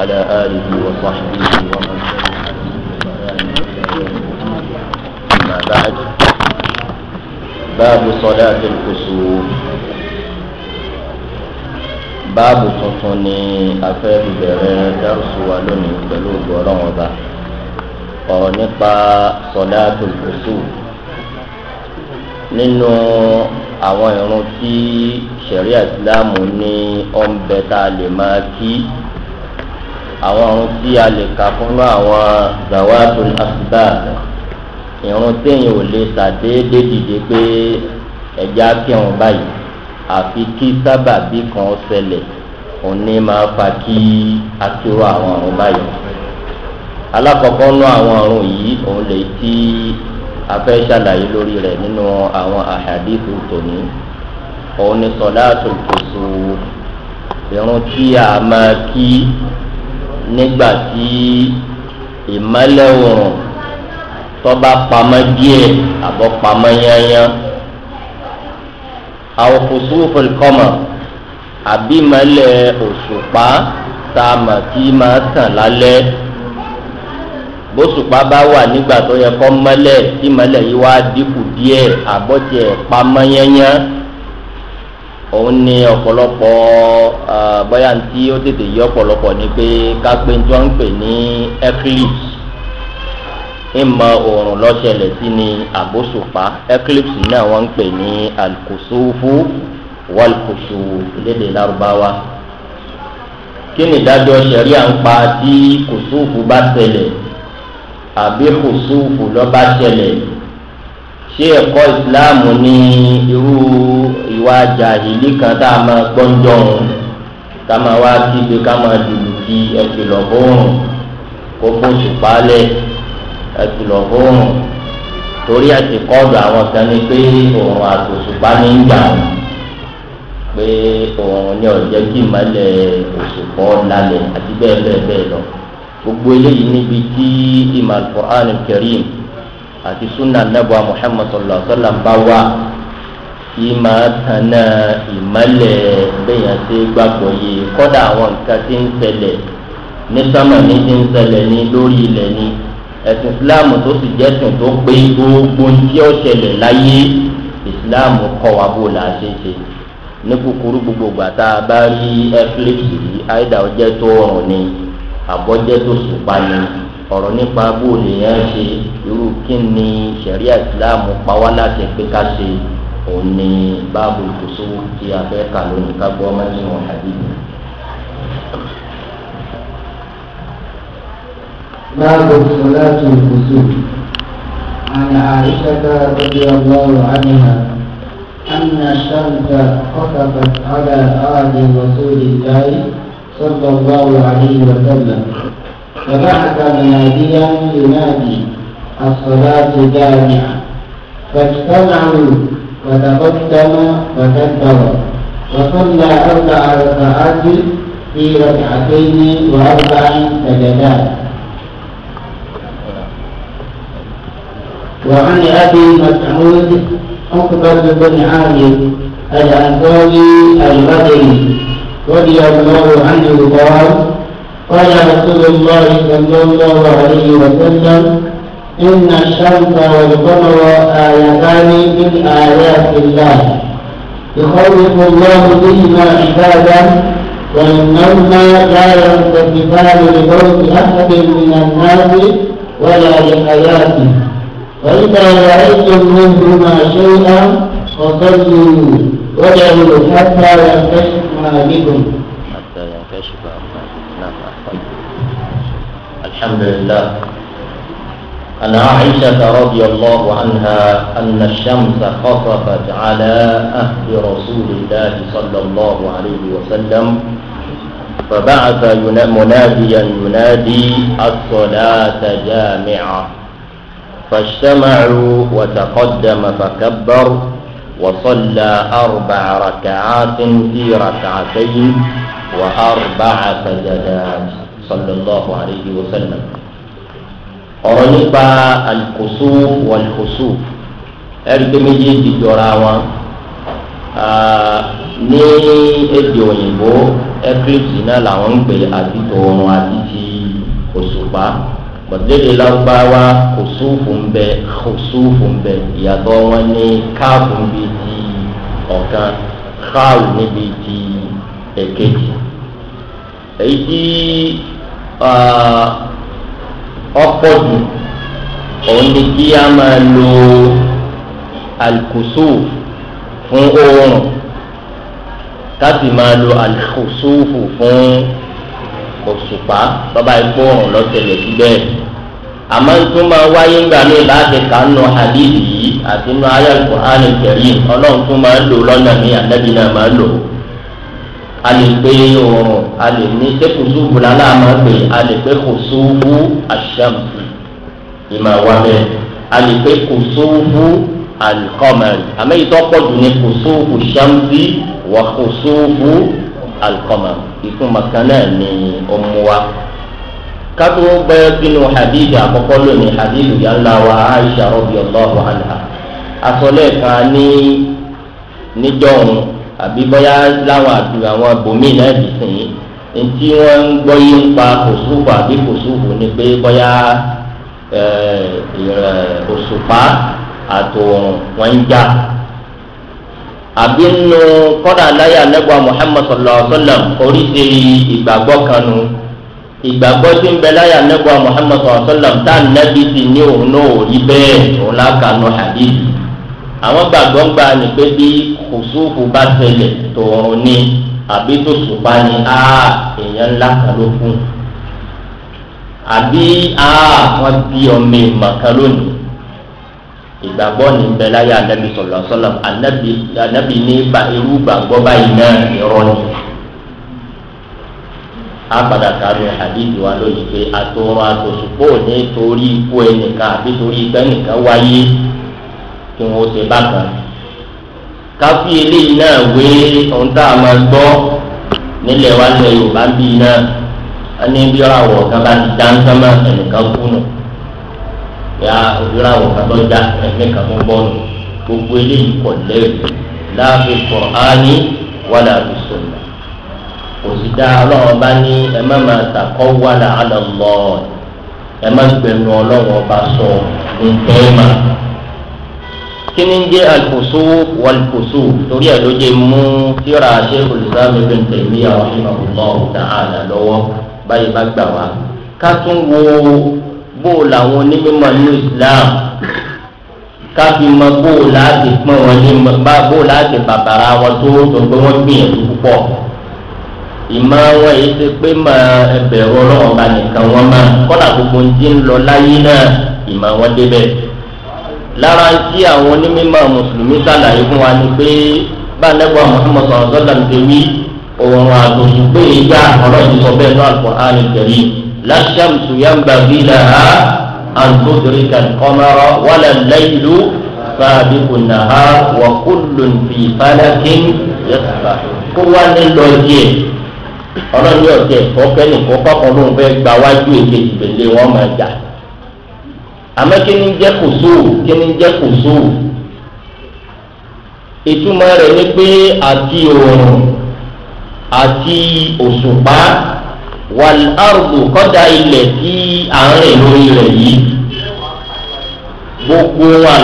وعلى آله وصحبه ومن أما بعد باب صلاة الكسوف báàbù tuntun ni afẹ́ bẹ̀rẹ̀ dárúsù wa lónìí pẹ̀lú ìgbọ́ràn ọba ọ̀rọ̀ nípa sọ̀dáàtò kùsù nínú àwọn ìrun tí sẹ̀rí àsìláàmù ní ọ̀nbẹ tá a lè máa kí àwọn ọ̀run tí a lè kà fún náà àwọn zawaatu asbab ìrun téèyàn ò lè sàdéédé dìde pé ẹ̀já kírun báyìí àfi kí sábàbí kan ṣẹlẹ̀ òní máa fa kí akérò àwọn ọ̀run báyìí alákọ̀ọ́kọ́ nú àwọn ọ̀run yìí òun lè ti afẹ́ ṣàlàyé lórí rẹ̀ nínú àwọn àhàdìsù tòní òun ni sọ̀dáàtò tòṣù ìrun tí a máa kí nígbà tí ìmọ̀lẹ̀ òrùn tọ́ba pamọ́ díẹ̀ àbọ̀ pamọ́ yányán àwọn kòsófò kọ́mọ àbí ìmọ̀lẹ̀ òṣùpá tá a mọ̀ tí máa tàn lálẹ́ bóṣùpá bá wà nígbà tó yẹ kọ́ mọ́lẹ̀ tí mọ́lẹ̀ yìí wá dínkù díẹ̀ àbọ̀ tiẹ̀ pamọ́ yányán òun ní ọ̀pọ̀lọpọ̀ bóyá tí ó tètè yí ọ̀pọ̀lọpọ̀ ni pé kápẹ́ tí wọ́n ń pè ní eclipse ìmọ̀ òòrùn lọ́sẹ̀lẹ̀ sí ni àbóṣùpá eclipse náà wọ́n ń pè ní alkusufu walkusu lédè lárúbáwá kí ni ìdájọ́ sẹ̀ríà ń pa tí kùsùfù bá ṣẹlẹ̀ àbí kùsùfù lọ́ bá ṣẹlẹ̀ ṣé ẹ̀kọ́ ìsìláàmù ni irú ìwà jàhìlì kan tá a máa gbọ́njọ́ òun ká máa wá kígbe ká máa lùlù kí ẹ̀sìn lọ bóòrùn kó bóṣù pálẹ̀ ẹ̀sìn lọ bóòrùn torí ẹ̀sìn kọ́ọ̀dù àwọn kan ní pé òun àtòṣùpá ní ń jà òun pé òun ní ọ̀jẹ́ kí ìmọ̀lẹ̀ òṣùpọ̀ lálẹ́ àti bẹ́ẹ̀ bẹ́ẹ̀ bẹ́ẹ̀ lọ gbogbo eléyìí níbi tí ìmọ̀ al-Qur'an karim àti sunna nebo muhammed sallallahu alaihi wa sallam bá wà ìmọ̀ tanná ìmọ̀lẹ̀ bẹ́yàn ṣe gbàgbọ́ yìí kọ́dà àwọn nǹkan tí ń ṣẹlẹ̀ ní sọ́mọ̀ ní ti ń ṣẹlẹ̀ ní lórí ilẹ̀ ni ẹ̀sìn islam tó sì jẹ́ sìn tó pé gbogbo tí ó ṣẹlẹ̀ láyé islam kọ́ wa bó la ṣe ṣe ní kúkúrú gbogbo gbàtà bá rí eclipse yìí àìdá ọjẹ́ tó rùn ni àbọ̀jẹ́ tó sùpá ni ọ̀rọ̀ nípa bó nìyẹn ṣe irú kí ni sẹ̀ríà ìsìláàmù pa wá láti pé ká ṣe òun ni báàbò ìkóso tí a fẹ́ kà lónìí ká gbọ́ ọmọ tí wọ́n hàbí. باب صلاة الكسوف عن عائشة رضي الله عنها أن الشمس خطفت على آل رسول الله صلى الله عليه وسلم فبعث مناديا ينادي الصلاة جامعة فاجتمعوا وتقدم وكبر وصلى أربع ركعات في ركعتين وأربع سجدات وعن أبي مسعود عقبة بن عامر الأنصاري الغدري رضي الله عنه قال قال رسول الله صلى الله عليه وسلم إن الشمس والقمر آيتان من آيات الله يخوف الله بهما عباده وإنهما لا ينتسبان لموت أحد من الناس ولا لحياته وإذا رأيتم منهما شيئا فصلوا ودعوا حتى ينكشف ما بكم حتى ينكشف طيب. الحمد لله عن عائشة رضي الله عنها أن الشمس خطفت على أهل رسول الله صلى الله عليه وسلم فبعث مناديا ينادي الصلاة جامعة فاجتمعوا وتقدم فكبر وصلى أربع ركعات في ركعتين وأربع سجدات صلى الله عليه وسلم ọ̀rọ̀ nípa alkusuf walkusuf ẹ̀rí pé méjèèjì jọra wọn ní èdè òyìnbó eclipse náà làwọn ń pè àti tòun àti ti òṣùpá gbọ̀dẹ́lẹ̀ lágbáwá kusufu ń bẹ kusufu ń bẹ ìyàtọ̀ wọn ní káàbù níbi ti ọ̀kan káàbù níbi ti èkejì èyí tí ọ̀pọ̀ jù òun ni kí a máa lo alkusu fún oorun káàsì máa lo alikusufu fún òṣùpá bàbá ikú oorun lọ́tẹ̀lẹ̀ síbẹ̀ àmọ́ tó máa wáyé ńgbà míì bá ti kà ń nọ àdìsí yìí àti nínú ayé Al-Qur'an ọlọ́run tó máa lò lọ́nà míì ànábì náà máa lò ó a lè pe oòrùn a lè ní ṣé kùsùbù lálẹ́ àmọ́ pé a lè pe kùsùbù àṣàmù ìmọ̀ wa bẹ́ẹ̀ a lè pe kùsùbù alikọ́mẹ̀rì àmọ́ èyí tó pọ̀ jù ní kùsùbù ṣàmùsì wà kùsùbù alikọ́mẹ̀rì ni ọmọ wa kátó bẹ́ẹ̀ sínú hadith àkọ́kọ́ lónìí hadith wa aisha rọ́bì ọlọ́ọ̀bù àná asọ́lẹ̀ kan ní níjọ́ àbí bóyá láwọn àdúrà àwọn abòmíì náà ti sìn yín ntí wọn ń gbọ́ yí ń pa kòsúfù àbí kòsúfù ni pé bóyá òṣùpá àtòrùn wọn ń jà àbí nínú kọ́dà láyà nẹ́gbà muhammed sallallahu alayhi wa sallam oríṣi ìgbàgbọ́ kan nu ìgbàgbọ́ tí ń bẹ láyà nẹ́gbà muhammed sallallahu alayhi wa tá nẹ́bí ti ní òun náà ò rí bẹ́ẹ̀ òun lákàánú hadith àwọn gbàgbọ́ ń gbà ní pé bí kùsùfù bá tẹlẹ̀ tòun ni àbí tó sùpá ni á èèyàn ńlá kan ló fún àbí á wọ́n bí ọmọ ìmọ̀ kan lónìí ìgbàgbọ́ ní bẹ láyé anabi sọ̀rọ̀ sọ́lọ̀ anabi ní irú gbàgbọ́ báyìí náà irọ́ ni a padà sáré àdìsí wa lónìí pé àtòrò àtòsùpò ní torí ikú ẹnìkan àbí torí ìgbẹ́ nìkan wáyé kí wọ́n ṣe bákan káfí eléyìí náà wé ohun tá a máa gbọ́ nílẹ̀ wa lẹ yorùbá bí i náà a bí ọ̀ràwọ̀ kan bá ti dá nǹkan mọ́ ẹnìkan kú nù ya ọ̀ràwọ̀ kan tó dá ẹnìkan tó bọ́ nù gbogbo eléyìí kọ̀ lẹ́rù láàbí kọ̀ọ̀ánì wàlà àbùsọ̀nà kò sì dá ọlọ́run bá ní ẹ má máa tàkọ́ wàlà àlọ́ ẹ má gbẹ̀nu ọlọ́run ọba sọ nǹkan ẹ̀ kíni ń jẹ́ alùpùsù wàlùpùsù torí ẹ̀ ló jẹ́ mú kíra ṣe olùsámi bẹ́ẹ̀ tẹ̀lé àwọn ìmọ̀kùnmọ́ ọ̀tá àlà lọ́wọ́ báyìí bá gbà wá. ká tún wo bó làwọn onímọ̀ nínú islam ká fi mọ bó láti pọ́n wọn ní bó láti bàbàrà wọn tó tó gbé wọn gbìyànjú púpọ̀. ìmọ̀ wọn yìí ti pé mọ ẹbẹ̀rún ọlọ́wọ́ba nìkan wọn máa kọ́lá gbogbo ń dín lọ láyé náà ìmọ̀ wọn débẹ̀ lára tí àwọn onímọ̀ mùsùlùmí sàlàyé fún wa ni pé bàlẹ́gbà muhammed sọ̀rọ̀ sọ́dà ń tẹ̀wé òun àtòsùn pé ìyá ọlọ́ọ̀dì sọ bẹ́ẹ̀ náà alukur'an kẹ̀lé lásìkò tuyàmbá bílà á àǹtòdìrí kàlùkọ́mọ́rọ́ wàlẹ̀ lẹ́yìnlú fàbíkù nàá wà kúlùn fi fàlàkín yẹtùbà. kó wá ní lọ díẹ̀ ọlọ́ọ̀dì ọ̀tẹ̀ fọ́kẹ́ nìkan kọ́kọ́ ló fẹ́ gbà wájú èkejì àmọ́ kí ni jẹ́ kò sóò kí ni jẹ́ kò sóò ìtumọ̀ rẹ̀ ni pé àti òòrùn àti òṣùpá wàlárùbù kọ́dà ilẹ̀ tí à ń rìn lórí rẹ̀ yìí gbogbo wa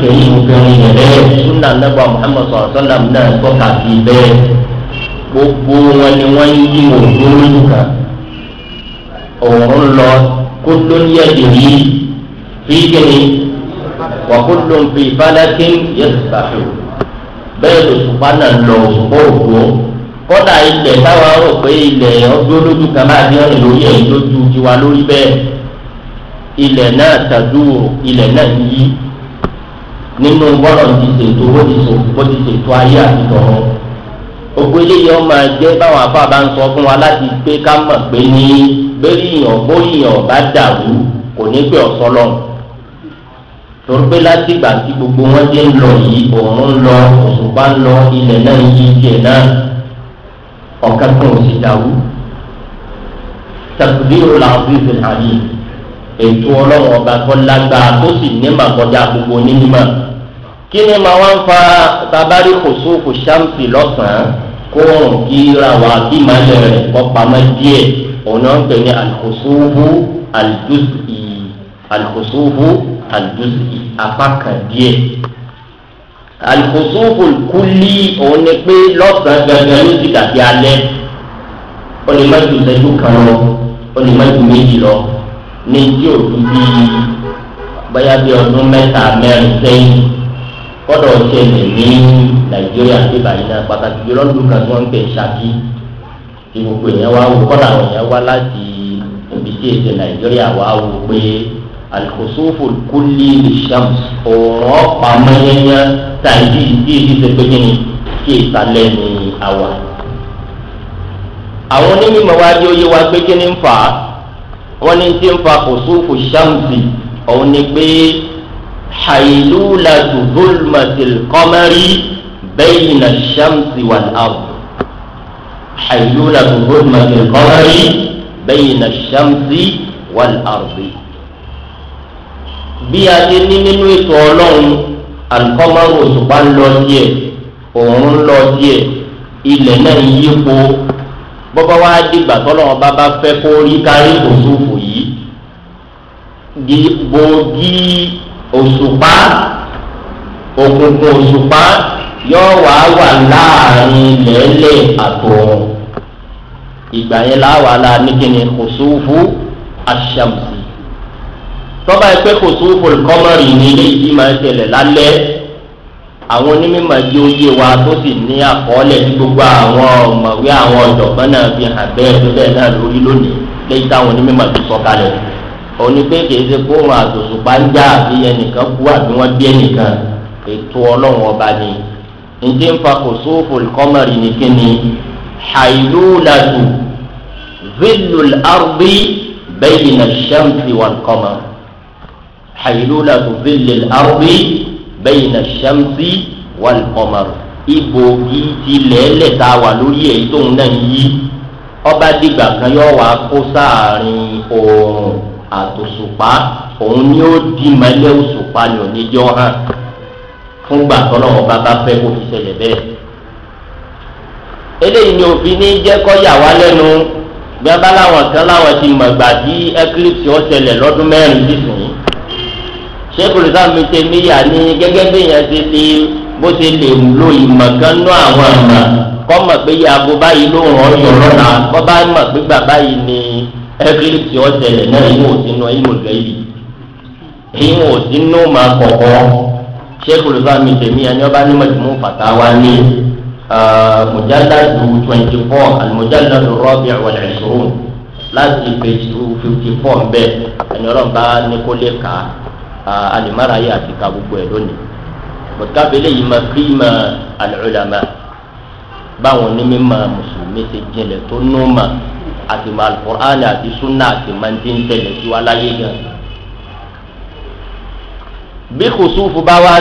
kẹ́yìn obìnrin yẹn bẹ́ẹ̀ sunna nàbà muhammed sọ̀rọ̀ sọ́nà náà tọ́ka sí bẹ́ẹ̀ gbogbo wọn ni wọ́n ń yí òòrùn lórí kan òòrùn lọ kó ló ń fi kini wàkúndó fi fálákì yẹsùbàfẹ bẹ́ẹ̀ ló sùpá náà lọ òṣùpá òkú kódà ilẹ̀ táwa rò pé ilẹ̀ ọdún lójú kan máa ní ọ̀rìn lórí ẹ̀ lójú tiwa lórí bẹ́ẹ̀ ilẹ̀ náà tàdúrò ilẹ̀ náà ti yí nínú bọ́lọ̀ ti ṣètò bó ti ṣètò ayé àti tọ̀rọ̀ gbogbo eléyìí ọmọ ẹgbẹ́ báwọn afá bá ń sọ fún wa láti pé ká mọ̀ pé ní bẹ́ẹ̀ yìnyín bóyìnyín ọ̀bá dàrú kò ní pẹ́ ọ̀sọ́ lọ́rùn torípé láti ìgbà tí gbogbo wọn jẹ́ ń lọ yìí òun ń lọ òṣùpá ń lọ ilẹ̀ náà yí tiẹ̀ náà ọ̀kan kan ò sì dàrú tàbílù làbí ìfìlàyé ètò ọlọ́run ọba tó lágbára tó sì nímà kọjá gbogbo onímọ̀ kí ni màá wá ń fa babari kòsó kò ṣáǹpì lọ́sàn-án kó rùn kí ra wà bí màálẹ̀ rẹ̀ kọ́ pamọ́ díẹ̀ òun náà ń pè ní alùkòsóhù alùdùsì alùkòsóhù àdúsì apá kan díẹ̀ alùpùpù kúlí òun ni pé lọ́sàn-án gangan ló ti dàbí alẹ́ ó lè má ju ìṣẹ́jú kan lọ ó lè má ju méjì lọ ní tí ò tún bí báyà bí ọdún mẹ́ta mẹ́rin sẹ́yìn kọ́dọ̀ ṣẹlẹ̀ ní nàìjíríà tí báyìí náà pàtàkì jùlọ ń dùkà tí wọ́n ń pè ṣáàkì tí gbogbo èèyàn wá wò kọ́dà àwọn èèyàn wá láti ibi tí èsè nàìjíríà wá wò pé alikosofu kuli lishamu ọ̀rọ̀ pàmẹ́yẹyẹ tàbí ìdíyèsí pẹpẹyẹ ni kí ìsàlẹ̀ ni àwà. àwọn onímọ̀ wa di oyé wa pé kí ni ń fà á wọ́n ní ti ń fa kosofu shamsi òun ni pé hailula zulmatil kọ́mẹ́rì bẹ́yìn na shamsi wà láwù hailula zulmatil kọ́mẹ́rì bẹ́yìn na shamsi wà láwù bí a ṣe ní nínú ètò ọlọ́run àlùkọ́mọ́rò òṣùpá ń lọ díẹ̀ òòrùn ń lọ díẹ̀ ilẹ̀ náà ń yípo bọ́bá wá dìgbà tọ́lọ́wọ́n bá bá fẹ́ kó rí kárí òṣùfò yìí gbòógì òṣùpá òkùnkùn òṣùpá yóò wá wà láàrin lẹ́lẹ̀ àtọ̀run ìgbà yẹn láwa la ní kíni òṣùfò àṣàmùsì tọ́ba ẹgbẹ́ kò tó fòlùkọ́mọ́rì ní ilé ìdí máa ń ṣẹlẹ̀ lálẹ́ àwọn onímọ̀ di oyè wa tó sì ní àkọọ́lẹ̀ tí gbogbo àwọn ọ̀mọ̀wé àwọn ọ̀jọ̀gbọ́n náà fi hàn bẹ́ẹ̀ tó bẹ́ẹ̀ náà lórí lónìí lẹ́yìn táwọn onímọ̀ ti sọ kalẹ̀ òní pé kìí ṣe kó wọn àtòṣùpá ń já ẹnìkan kú àbí wọn bí ẹnìkan ètò ọlọ́run ọba ni ǹjẹ́ ń fa kò sóòfò kọ́mọ̀rì ní kíni hailulatu zilul ardi bẹ́yìn na ṣẹ́ǹtì wọn kọ́mọ̀rì hayilula tó الأرض بين الشمس bẹ́yìn náà ṣẹ́mùsí wà lùkọ́mọ̀rù ibòógì ti lẹ́ẹ̀lẹ̀ tá a wà lórí èyí tóun náà yí ọba dìgbà kan yóò wá kó sáàrin oòrùn àtòṣùpá òun ni ó di mẹ́lẹ́ òṣùpá ni oníjọ́ hàn fúngbà tọ́lọ́wọ́ bàbá fẹ́ kó fi ṣẹlẹ̀ bẹ́ẹ̀. eléyìí ni òfin ní jẹ́ kọ́ yà wá lẹ́nu bí láwọn kan láwọn ti mọ̀gbà tí eclipse ó ṣẹlẹ̀ lọ́dún mẹ́rin sísìn sẹ́kùn rìsáàmù mi tẹ mí yà ní gẹ́gẹ́ bí yẹn ti ti bó ti lè lo ìmọ̀ kan nú àwọn àmà kọ́ mọ̀ pé yà aago báyìí ló ràn yọ̀ lọ́la kọ́ bá mọ̀ pé gbà báyìí ni ẹ́kílípsì ọ̀sẹ̀lẹ̀ náà ìwọ̀n òsínú ìwọ̀n lẹ́yìn ìwọ̀n òsínú máa kọ̀kọ́ sẹ́kùn rìsáàmù mi tẹ mí yà ní ọba ní mọ̀tìmú fàtàwá ní mujalladu twenty four alimujalladu rọ́bì wàlẹ̀ láti page two fifty four bẹ́ẹ̀ ẹni ọlọ́run bá ní alimara yìí àti ka gbogbo ẹ̀ lónìí mọ̀tàbílẹ̀ yìí máa kí ma alùlámà báwọn onímọ̀ mùsùlùmí ti jinlẹ̀ tó nù mà àti ma alukur'an àti sunna àti mandi ń tẹ̀lé sí wa láyé gan. bí kùsùfù bá wá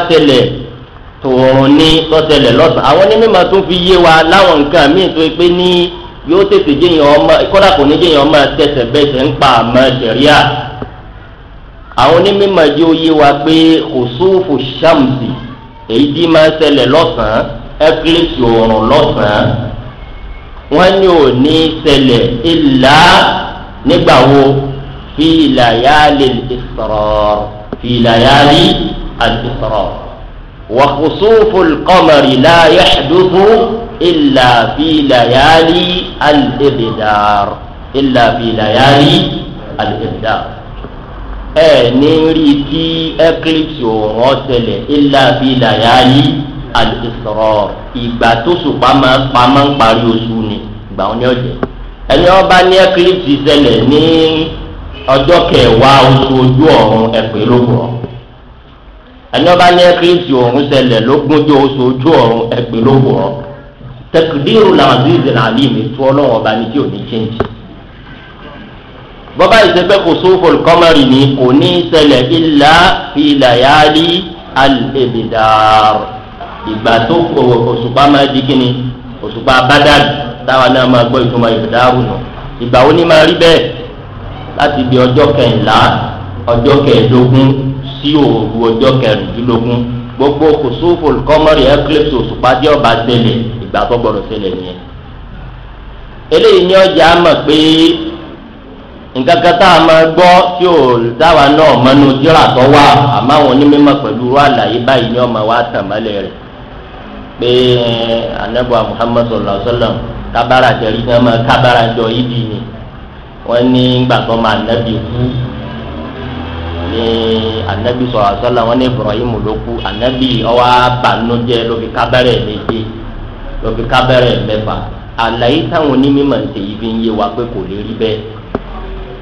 tòun ní lọ́sàn tó fi yé wa láwọn nǹkan míì tó pé ní yóò tètè jẹ́yìn ọmọ kọ́dà kò ní ọmọ pa àwọn onímọ̀ jẹ́ oyé wa pé kòsófò sàmùsì èyí tí máa ń ṣẹlẹ̀ lọ́sàn-án ẹ́kílẹ̀sì ọ̀rùn lọ́sàn-án wọ́n ní ò ní ṣẹlẹ̀ ìlà nígbà wo fi làyàlì ìsọ̀rọ̀ fi làyàlì àdìsọ̀rọ̀ wà kòsófò kọ́mọ̀rì láyé ṣàdúgbò ìlà fi làyàlì àlìbìdàr ìlà fi làyàlì àlìbìdàr. ẹ ní rí bí eclipse òòrùn ọ̀sẹ̀lẹ̀ ilà bíi làyàlí àdìsọ̀rọ̀ ìgbà tó sùpá máa ń parí oṣù ni ìgbà wọn ní ọ̀jẹ̀ ẹni wọn bá ní eclipse ṣẹlẹ̀ ní ọjọ́ kẹwàá oṣù ojú ọ̀run ẹ̀pẹ́ lógún ẹni wọn bá ní eclipse òòrùn ṣẹlẹ̀ lógúnjọ́ oṣù ojú ọ̀run ẹ̀pẹ́ lógún tẹkidiru làwọn àti ìzẹ̀lẹ̀ àlímì tó ọlọ́wọ́n bọ́bá ìṣẹ́fẹ́ kò sófò kọ́mọ̀rì ni kò ní sẹlẹ̀ ilà ìlàyàlì alẹ́bìdàr ìgbà tó òṣùpá máa di kíni òṣùpá bádàdì táwa náà máa gbọ́ ìtumọ̀ ìbìdàrù nù ìgbà wo ni máa rí bẹ́ẹ̀ láti di ọjọ́ kẹ̀ńlá ọjọ́ kẹẹ̀ẹ́dógún sí òru ọjọ́ kẹrìndínlógún gbogbo kò sófò kọ́mọ̀rì eclipse òṣùpá jẹ́ ọba sẹlẹ̀ ìgbà tó gbọ́dọ̀ sẹlẹ̀ nǹkan kan tá a máa gbọ́ tí ò dáwà náà mọ́nú jíra tó wà àmọ́ àwọn onímọ̀ pẹ̀lú irú àlàyé báyìí ni ọmọ wa tàn mọ́lẹ̀ rẹ̀ pé anabuwa eh, muhammad sallallahu alaihi wa sallam kábàrà jẹrí ní ọmọ kábàrà jọ yídì ni wọ́n ní gbà tó máa nábì kú ní anabi sallallahu alaihi wa sallam wọ́n ní ibrahim ló kú anabi ọwọ́ abanujẹ ló fi kábàrẹ̀ méje ló fi kábàrẹ̀ mẹ́fà àlàyé táwọn onímọ̀ ń tẹ̀yí fi ń yé wa pé kò lè rí bẹ́ẹ̀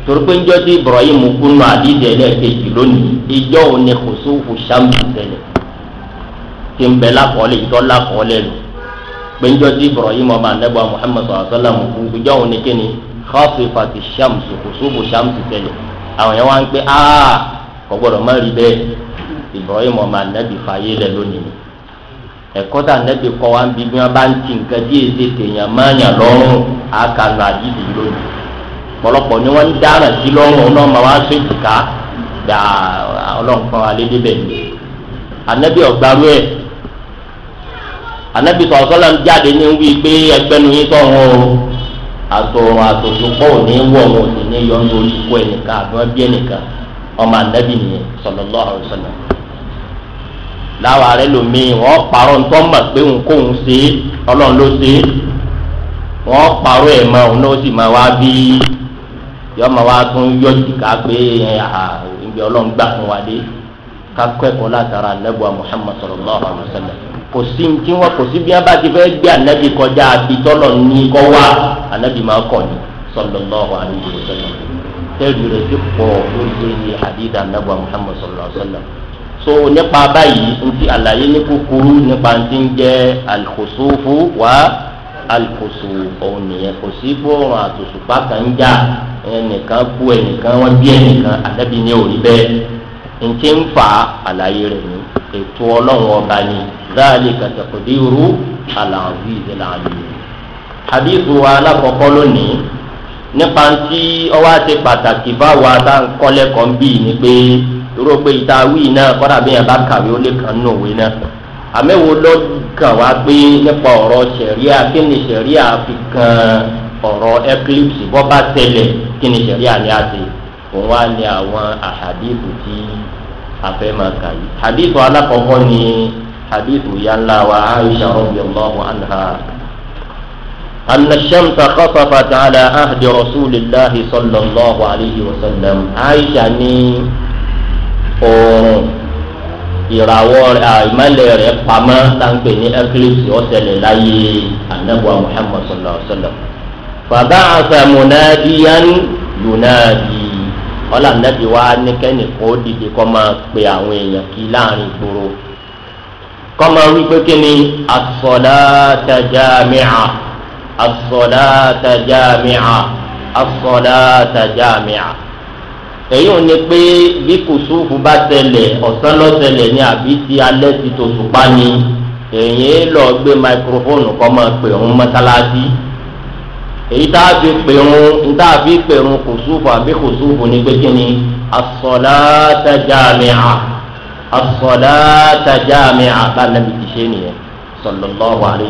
torípé ńjọ́ tí ibrahim kúnnú àdídẹ lẹ́ẹ̀kejì lónìí ìjọ òní kòsófù sàmù tẹ̀lẹ̀ tí ń bẹ lákọọ́lẹ̀ ìtọ́ lákọọ́lẹ̀ lò pé ńjọ́ tí ibrahim ọmọ anábọ̀ muhammed sọ̀rọ̀sọ́lá mú kú ìjọ òní kíni khasifati sàmù kòsófù sàmù tẹ̀lẹ̀ àwọn yẹn wá ń pé aa kò gbọdọ̀ má rí bẹ́ẹ̀ ibrahim ọmọ anábì fàyè lẹ̀ lónìí ẹ̀kọ́ tà anábì kọ́ wa ń bí bí wọ́n bá ń ti nǹkan ọ̀pọ̀lọpọ̀ ni wọ́n ń dára sí lọ́rùn ọlọ́run máa wá sí ìtìká gba ọlọ́run kan alédè bẹ́ẹ̀ ni anabi ọ̀gbárú ẹ̀ anabi sọ̀sọ́lá ń jáde ní wí pé ẹgbẹ́ nu yín tọ̀hún o àtò àtòsùpọ̀ ò ní wọ̀ wọn ò sì ní yọ ní olùkọ́ ẹnìkan àbí wọn bí ẹnìkan ọmọ anabi nìyẹn sọlọ́lọ́ àwọn sọlọ́ láwa rẹ lomi wọn parọ́ ntọ́ mọ̀ pé nkóhun ṣe ọlọ́run ló ṣe ẹ̀ mọ́ òun náà sì máa wá bíi yọ ma wa tún yọjú ká pé ibi ọlọ́run gbà fún wa dé kakọ ẹ̀kọ́ látara anabiwa muhammad sallallahu alayhi wa sallam kò sí ntí wọn kò sí bí wọn bá ti fẹ́ gbé anabi kọjá abitọ́lọ̀ ní kọ́ wá anabi máa kọ̀ ní sallallahu alayhi wa sallam tẹ́lú rẹ̀ ti pọ̀ lórí hadith anabiwa muhammad sallallahu alayhi wa sallam so nípa báyìí ntí àlàyé ní kúkúrú nípa ntí ń jẹ́ alikosofu wa alùpùpù òun nìyẹn kò sí bóòrùn àtòṣùpá kan ń jà ẹnìkan kú ẹnìkan wọn bí ẹnìkan àdàbí ni ò rí bẹ́ẹ̀ nti ń fa àlàyé rẹ̀ ní ètò ọlọ́run ọba ni záàlì kàtàkùdí irú àlàáfíì ìdílàáyé àbíkú wa alákọ̀ọ́kọ́ lónìí nípa tí ọwọ́ àti pàtàkì báwa tá à ń kọ́ lẹ́kọ̀ọ́ ń pé irú pé ìta wíì náà kọ́dà bí yẹn bá kàwé ó lè kàn nù òwe náà àmẹ́wò lọ́kàn wá pé nípa ọ̀rọ̀ sẹ̀ríà kí ni sẹ̀ríà fi kan ọ̀rọ̀ eclipse bọ́ bá tẹ̀lẹ̀ kí ni sẹ̀ríà ni a ti òun wá ní àwọn àhàdìsù tí a fẹ́ máa kà yìí. àdìsù alákọ̀ọ́kọ́ ni àdìsù ya ńlá wa aisha rọ́bì ọlọ́hu anha. أن الشمس خطفت على عهد رسول الله صلى الله عليه وسلم عائشة ni oorun ìràwọ̀ ìmọ̀lẹ̀ rẹ̀ pamọ́ táǹpẹ̀ ní eclipse ọ̀sẹ̀lẹ̀ láyé anabuwa muhammad sallallahu alayhi wa sallam. bàbá àfẹmùnádìyàn yunadi ọlànàbí wa ní kẹ́nìkan ó dìde kọ́ máa pe àwọn èèyàn kí láàrin ìgboro kọ́ máa wí pé kí ni asọ̀lá tajà mìíràn asọ̀lá tajà mìíràn asọ̀lá tajà mìíràn. èyí ò ní pé bí kùsùfù bá tẹlẹ̀ ọ̀sán lọ́tẹlẹ̀ ni àbí ti alẹ́ ti tòṣùpá ni èyí lọ gbé máikrófóònù kọ́ máa pè ń mọ́sálásí èyí tá a fi pè ń tá a fi pè ń kùsùfù àbí kùsùfù ni pé kí ni asọ̀láta jáàmìà asọ̀láta jáàmìà bá nàbí ti ṣe nìyẹn sallallahu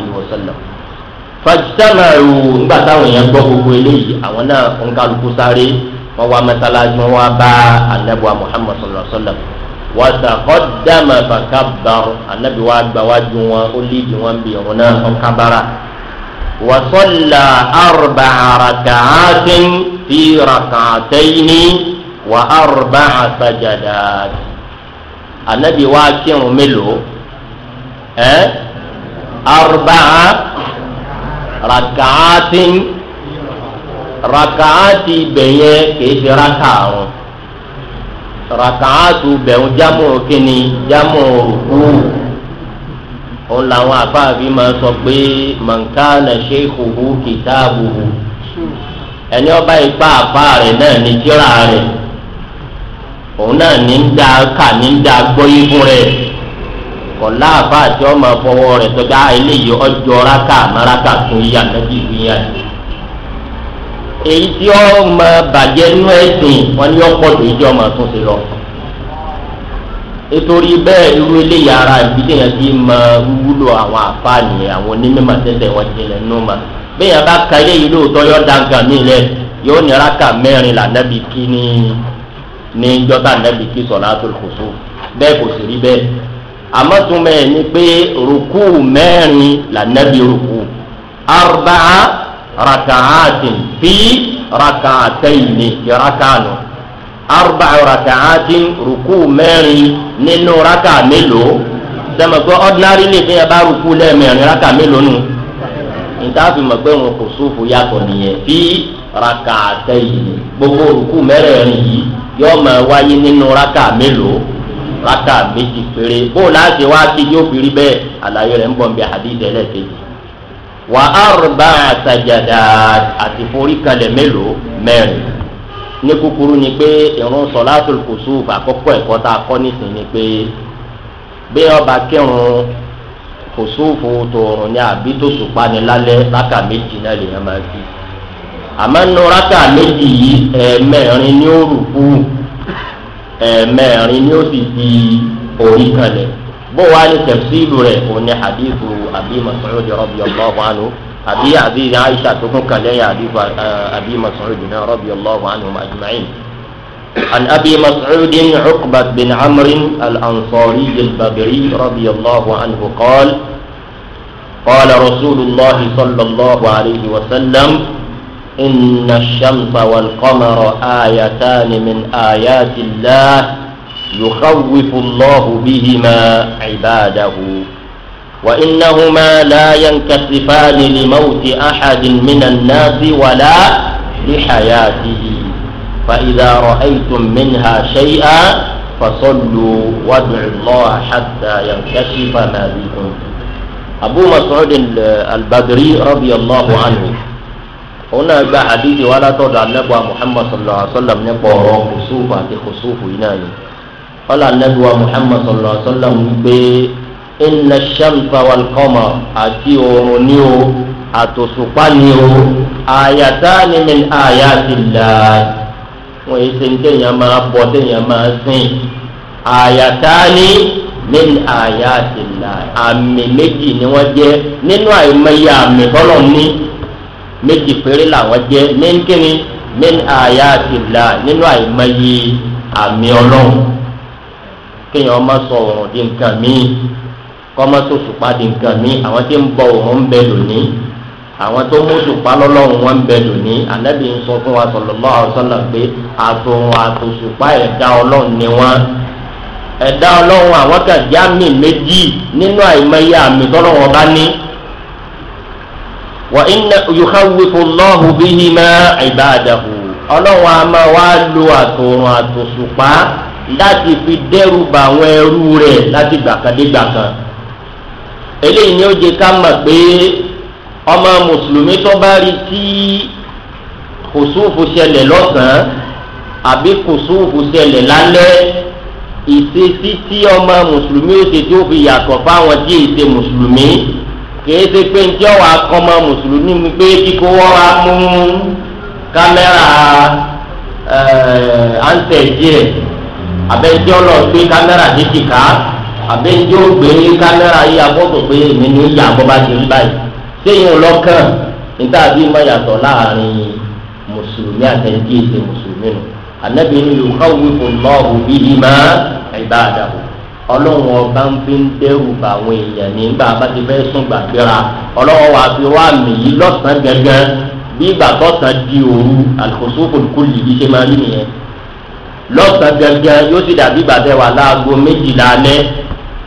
gbogbo eléyìí àwọn náà ń wọn wá mẹsàlájú wọn wá bá anabi wa muhammad sallallahu alaihi wa sallam wàtàkọ́dàmà fàkàbàrù anabi wa gbàwájú wọn ó lídìí wọn bí irun náà wọn kábàrà wàsọ́là àrùbà àràkàákìn fi ràkàtẹ́yìní wà àrùbà àsàjàdà anabi wa kírun mélòó ẹ àrùbà àràkàákìn rakaati ibẹ̀ yẹn kìí ṣe raka àrùn rakaatu bẹ̀rù jámù kínní jámù rúkú òun làwọn afáàbí máa sọ pé mọ̀nkánà ṣéèkùhù kìtàbùhù ẹni ọba ipá àpá rẹ̀ náà ní kíra rẹ̀ òun náà ní ń da ká ní ń da gbọ́yé fún rẹ̀ kò láàbá ọmọ fọwọ́ rẹ̀ tọ́jà ah, eléyìí ọjọ́ raka àmọ́ raka tún yíyá náà ìwé yẹn èyí tí ó mọ bàjẹ́ nú ẹ̀sìn wọn ni ọ̀pọ̀ tó ìjọ mọ̀ tún sí lọ. nítorí bẹ́ẹ̀ irú eléyà ara ìbílẹ̀ yẹn ti mọ wúlò àwọn àfáàní àwọn onímọ̀ tẹ́lẹ̀ wọn ti lẹ̀ nú mọ̀. bẹ́ẹ̀ yẹn bá ka eléyìí lóòótọ́ yọ dangan mí lẹ̀ yóò ní raka mẹ́rin lànàbí kí ní ní jọba nàbí kí sọ̀rọ̀ àtòlùkòsó bẹ́ẹ̀ kò sì rí bẹ́ẹ̀ àmọ́ tún bẹ́ẹ̀ ni pé rùkú mẹ́rin lànàbí rùkú arba'a raka'atin fi raka'atayni ìrakanu arba raka'atin ruku raka mélòó sẹ́mi pé ordinary lè fi yẹn bá ruku raka mélòó nù nítaafi mọ̀ pé wọn kò sófo yàtọ̀ nìyẹn fi raka'atayni gbogbo ruku wáyé nínú raka mélòó raka méjì péré bó o láti wá sí yóò fi rí bẹ́ẹ̀ àlàyé rẹ̀ ń bọ̀ ń bẹ àdídẹ́lẹ̀ wa arba rọ̀bà àtàjàdà àti forí kalẹ̀ mélòó mẹ́rin ní kúkúrú ni pé ìrún sọlátul kùsùf àkọ́kọ́ ẹ̀kọ́ tá a kọ́ nísìn ni pé bí ọba kírun kùsùfù tòrùn ni àbí tó sùpá ni lálẹ́ rákà méjì náà lèèyàn máa fi àmọ́ nínú rákà méjì yìí ẹ̀ẹ̀mẹ́rin ni ó rù kú ẹ̀ẹ̀mẹ́rin ni ó sì di orí kalẹ̀. bó wá ní tẹ̀síìlù rẹ̀ òun ní hadithu abi masoud rabi allahu anhu àbí àbí aisha tó kún kan lẹ́yìn hadithu abi masoud náà rabi allahu anhu ajma'in. عن أبي مسعود عقبة بن عمرو الأنصاري البدري رضي الله عنه قال قال رسول الله صلى الله عليه وسلم إن الشمس والقمر آيتان من آيات الله يخوف الله بهما عباده وإنهما لا ينكسفان لموت أحد من الناس ولا لحياته فإذا رأيتم منها شيئا فصلوا وادعوا الله حتى ينكشف ما بكم أبو مسعود البدري رضي الله عنه هنا بحديث ولا تدع النبوة محمد صلى الله عليه وسلم نبوة خسوف خسوف إناني ọlọ anabiwa muhammad sọlọ sọlọ wípé iná sẹ́ǹfà wà lọ́mọ àti òòrùn ní o àtòsùpá ní o àyàtá ni mi àyà ti là wọ́n yìí ṣe ń tẹ̀yàn máa bọ̀ tẹ̀yàn máa sìn àyàtá ni mi àyà ti là àmì méjì ni wọ́n jẹ́ nínú àìmọye àmì tọ́lọ̀ ní méjì péré làwọn jẹ́ ní kíni mi àyà ti là nínú àìmọye àmì ọlọ́run kéèyàn ọmọ sọ òrùn di nǹkan míì kọ́mọ tó sùpá di nǹkan míì àwọn tí ń bọ òrùn ń bẹ lónìí àwọn tó mú sùpá lọ́lọ́run wọn ń bẹ lónìí ànábì ń sọ fún wa sallallahu alaihi wasallam pé àtòrùn àtòsùpá ẹ̀dá ọlọ́run ni wọ́n ẹ̀dá ọlọ́run àwọn kan jẹ́ méjì nínú àìmọye àmì tọ́lọ́wọ́n bá ní. wà iná yòókàwífò lọ́hùn bí ní mẹ́ ìbáàdàhù ọlọ́run a máa wá lo àtòrùn àtòsùpá láti fi dẹ́rù bà àwọn ẹrú rẹ̀ láti gbàkàdégbà kan eléyìí ni ó jẹ ká mọ̀ pé ọmọ mùsùlùmí tó bá rí tí kùsùfù ṣẹlẹ̀ lọ́sàn-án àbí kùsùfù ṣẹlẹ̀ lálẹ́ ìṣesí tí ọmọ mùsùlùmí ó ṣe tí ó fi yàtọ̀ fáwọn tí èsè mùsùlùmí kìí ṣe pé njẹ́ wà á kọ́ ọmọ mùsùlùmí mi pé kíkó wọ́n wá mú kámẹ́rà ànsẹ̀ abẹ́jọ́ lọ gbé kámẹ́rà nídìíká abẹ́jọ́ gbé kámẹ́rà yìí agbọ́dọ̀ pé èmi ní ìyá bọ́bá ti rí báyìí sẹ́yìn ọlọ́kàn níta bí mọ̀ yàtọ̀ láàrin mùsùlùmí àtẹ̀jí èsè mùsùlùmí nù ànábì ní yòókàwífò náà òbí yìí má ẹ̀dá àdàbò ọlọ́run ọba ń fi ń dẹ́rù bá àwọn èèyàn nígbà bá ti fẹ́ sùn gbàgbéra ọlọ́run wa fi wá àmì yìí lọ́sàn-án gẹ́gẹ́ bí ìgbà di òru àlùkò sófò kúlì ṣe máa rí nìyẹn lọ́sàn gẹ́gẹ́ yóò ti dàbí gbàtẹ́ wà láago méjìlá alẹ́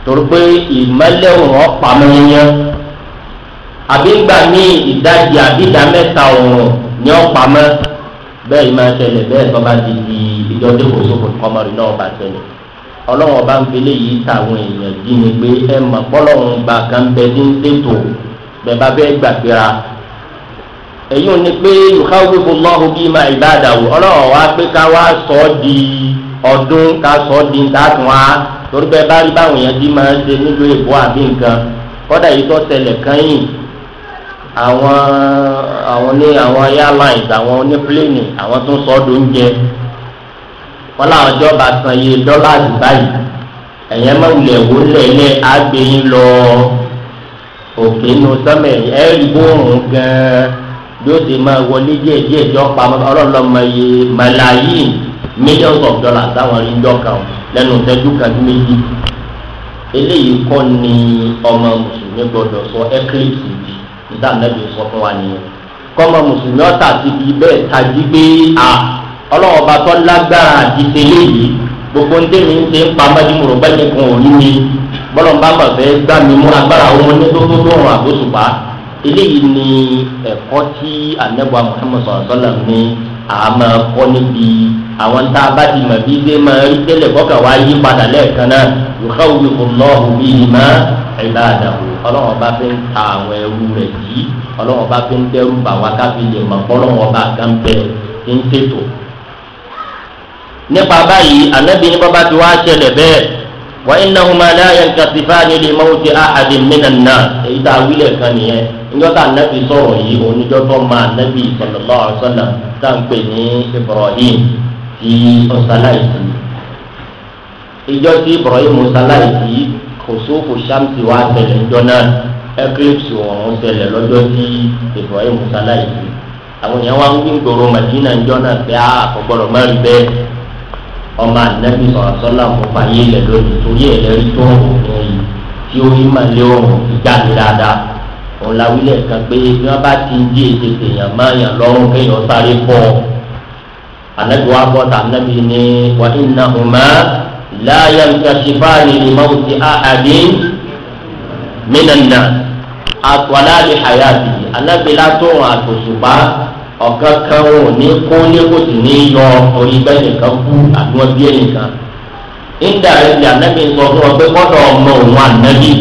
torí pé ìmọ́lẹ̀ òun ọ̀pamọ́ yẹn àbí gbà ní ìdajì àbí ìdá mẹ́ta òun ní ọ̀pamọ́ bẹ́ẹ̀ ni máa ṣẹlẹ̀ bẹ́ẹ̀ tó bá di di ìjọdé kòsókò kọmọrin náà bá ṣẹlẹ̀ ọlọ́wọ́n bá ń fele yìí táwọn èèyàn jí ni pé ẹ mọ̀ pọ́lọ́run gbà kan bẹ́ẹ̀ ní ń tètò bẹ́ẹ̀ bá bẹ́ẹ̀ gbàgbéra èyí ò ní pé yòókà wíwò lọ́hùn bíi máa ìbáàdà wò ọlọ́wọ́ wa pé ká wá sọ ọ́ di ọdún ká sọ di ntàkùn wa torí pé bá rí báwọn èèyàn bí máa ń ṣe nílùú èbó àbí nǹkan kọ́dà yìí tó kan yìí àwọn àwọn ní àwọn airlines àwọn ní àwọn tó ń sọ ọ́ di wọn làwọn jọba san iye dọ́là lọ òkè sọ́mẹ̀ bí ó ti máa wọlé díẹ̀ díẹ̀ jọ pamọ́ ọlọ́lọ́ máa yẹ millions of dollars táwọn rí ń jọ kàn lẹ́nu ìtẹ́jú kan ní méjì eléyìí kọ́ ni ọmọ mùsùlùmí gbọ́dọ̀ sọ ẹ́kírísì bí nígbà mẹ́bí sọ fún wa nìyẹn kọ́mọ mùsùlùmí ọ̀tà ti fi bẹ́ẹ̀ tají pé a ọlọ́wọ́ bá tọ́ lágbára àti tẹ́lẹ̀ yìí gbogbo ń tẹ̀lé ń ṣe ń pa mẹ́jìmúrò bẹ́ẹ̀ kan ò ní mi bọ́lọ̀ ń bá bàbá ẹ gbá mi mú agbára òun ní tó tó àgbóṣùpá eléyìí ni ẹ̀kọ́ tí anábọ̀ muhammed sọ̀rọ̀ sọ́lá ní àmọ́ kọ́ níbi àwọn tá a bá ti mọ̀ bí dé máa rí tẹ́lẹ̀ kọ́kà wá yí padà lẹ́ẹ̀kan náà yòókà òye kò lọ́ọ̀hùn bí ìmọ̀ ẹ̀dá àdàbò ọlọ́wọ́n bá fi ń ta àwọn ẹrú rẹ̀ yìí ọlọ́wọ́n bá fi ń dẹ́rù bà wá káfí lè mọ̀ ọlọ́wọ́n bá gán ti ń tètò. nípa báyìí anábì ní bábá ti wá ṣẹlẹ̀ bẹ́ẹ̀ wọ́n iná njọta anabi sọ̀rọ̀ yìí onídjọtọ ma anabi sallallahu alaihi wasallam tá n ibrahim ti ọsàlàyé ìjọ tí ibrahim ọsàlàyé kòsófò sàmtì wa tẹ́lẹ̀ njọ náà eclipse ọ̀hún tẹ́lẹ̀ lọ́jọ́ tí ibrahim ọsàlàyé àwọn yẹn wá ń gbé gbòòrò madina njọ náà pé a àkọgbọdọ má rí bẹ́ẹ̀ ọmọ anabi sọ̀rọ̀ sọlá fún fàyè lẹ lórí torí ẹ tó ọ̀hún yìí tí ó yí màlẹ ọ̀hún ìjáde dáadáa ọ̀làwílẹ̀ kan pé bí wọ́n bá ti yí èdè èèyàn máa yàn lọ́rùn kéèyàn sáré bọ̀ anabi wa bọ́ta anabi ni wà iná ọmọ láyà nkàṣífà ni ìmọ̀wù ti àhàdé mínàna àtọ̀láàlì àyàbí anabi látọ̀hún àtòṣùpá ọ̀kan kan wọn ò ní kó ní kó ní yọ orí bẹ́ẹ̀ nìkan kú àbí wọn bí ẹnìkan. ń anabi sọ fún ọ pé kọ́tọ̀ ọmọ òun ànábì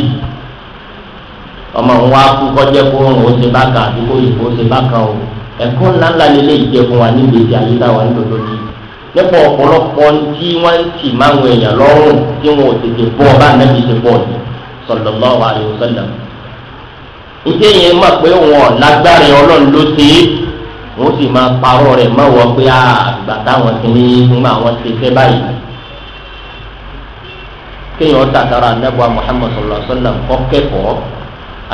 ọmọ òun wá kú kọjá kó òun ó ṣe bákan àti kó ìbò ṣe bákan o ẹ̀kọ́ ńláńlá lélẹ̀ ìjẹ fún wa níbi ìdí ayé táwa ń lòdò ní. nípa ọ̀pọ̀lọpọ̀ tí wọ́n ń tì máwọn èèyàn lọ́rùn tí wọn ò tètè bọ́ ọba ànábi ṣe bọ̀ ní sọ̀lọ́lọ́ àyọ̀sọ́lá. ìṣe yẹn mọ̀ pé wọn lágbára ọlọ́run ló ṣe é wọ́n sì máa parọ́ rẹ̀ mọ́wọ́ pé àgbà táwọn ti ní nígbà wọn ti fẹ́ báyìí kéèyàn tàtàrà anábọ̀ Muhammad kọ́ kẹ́kọ̀ọ́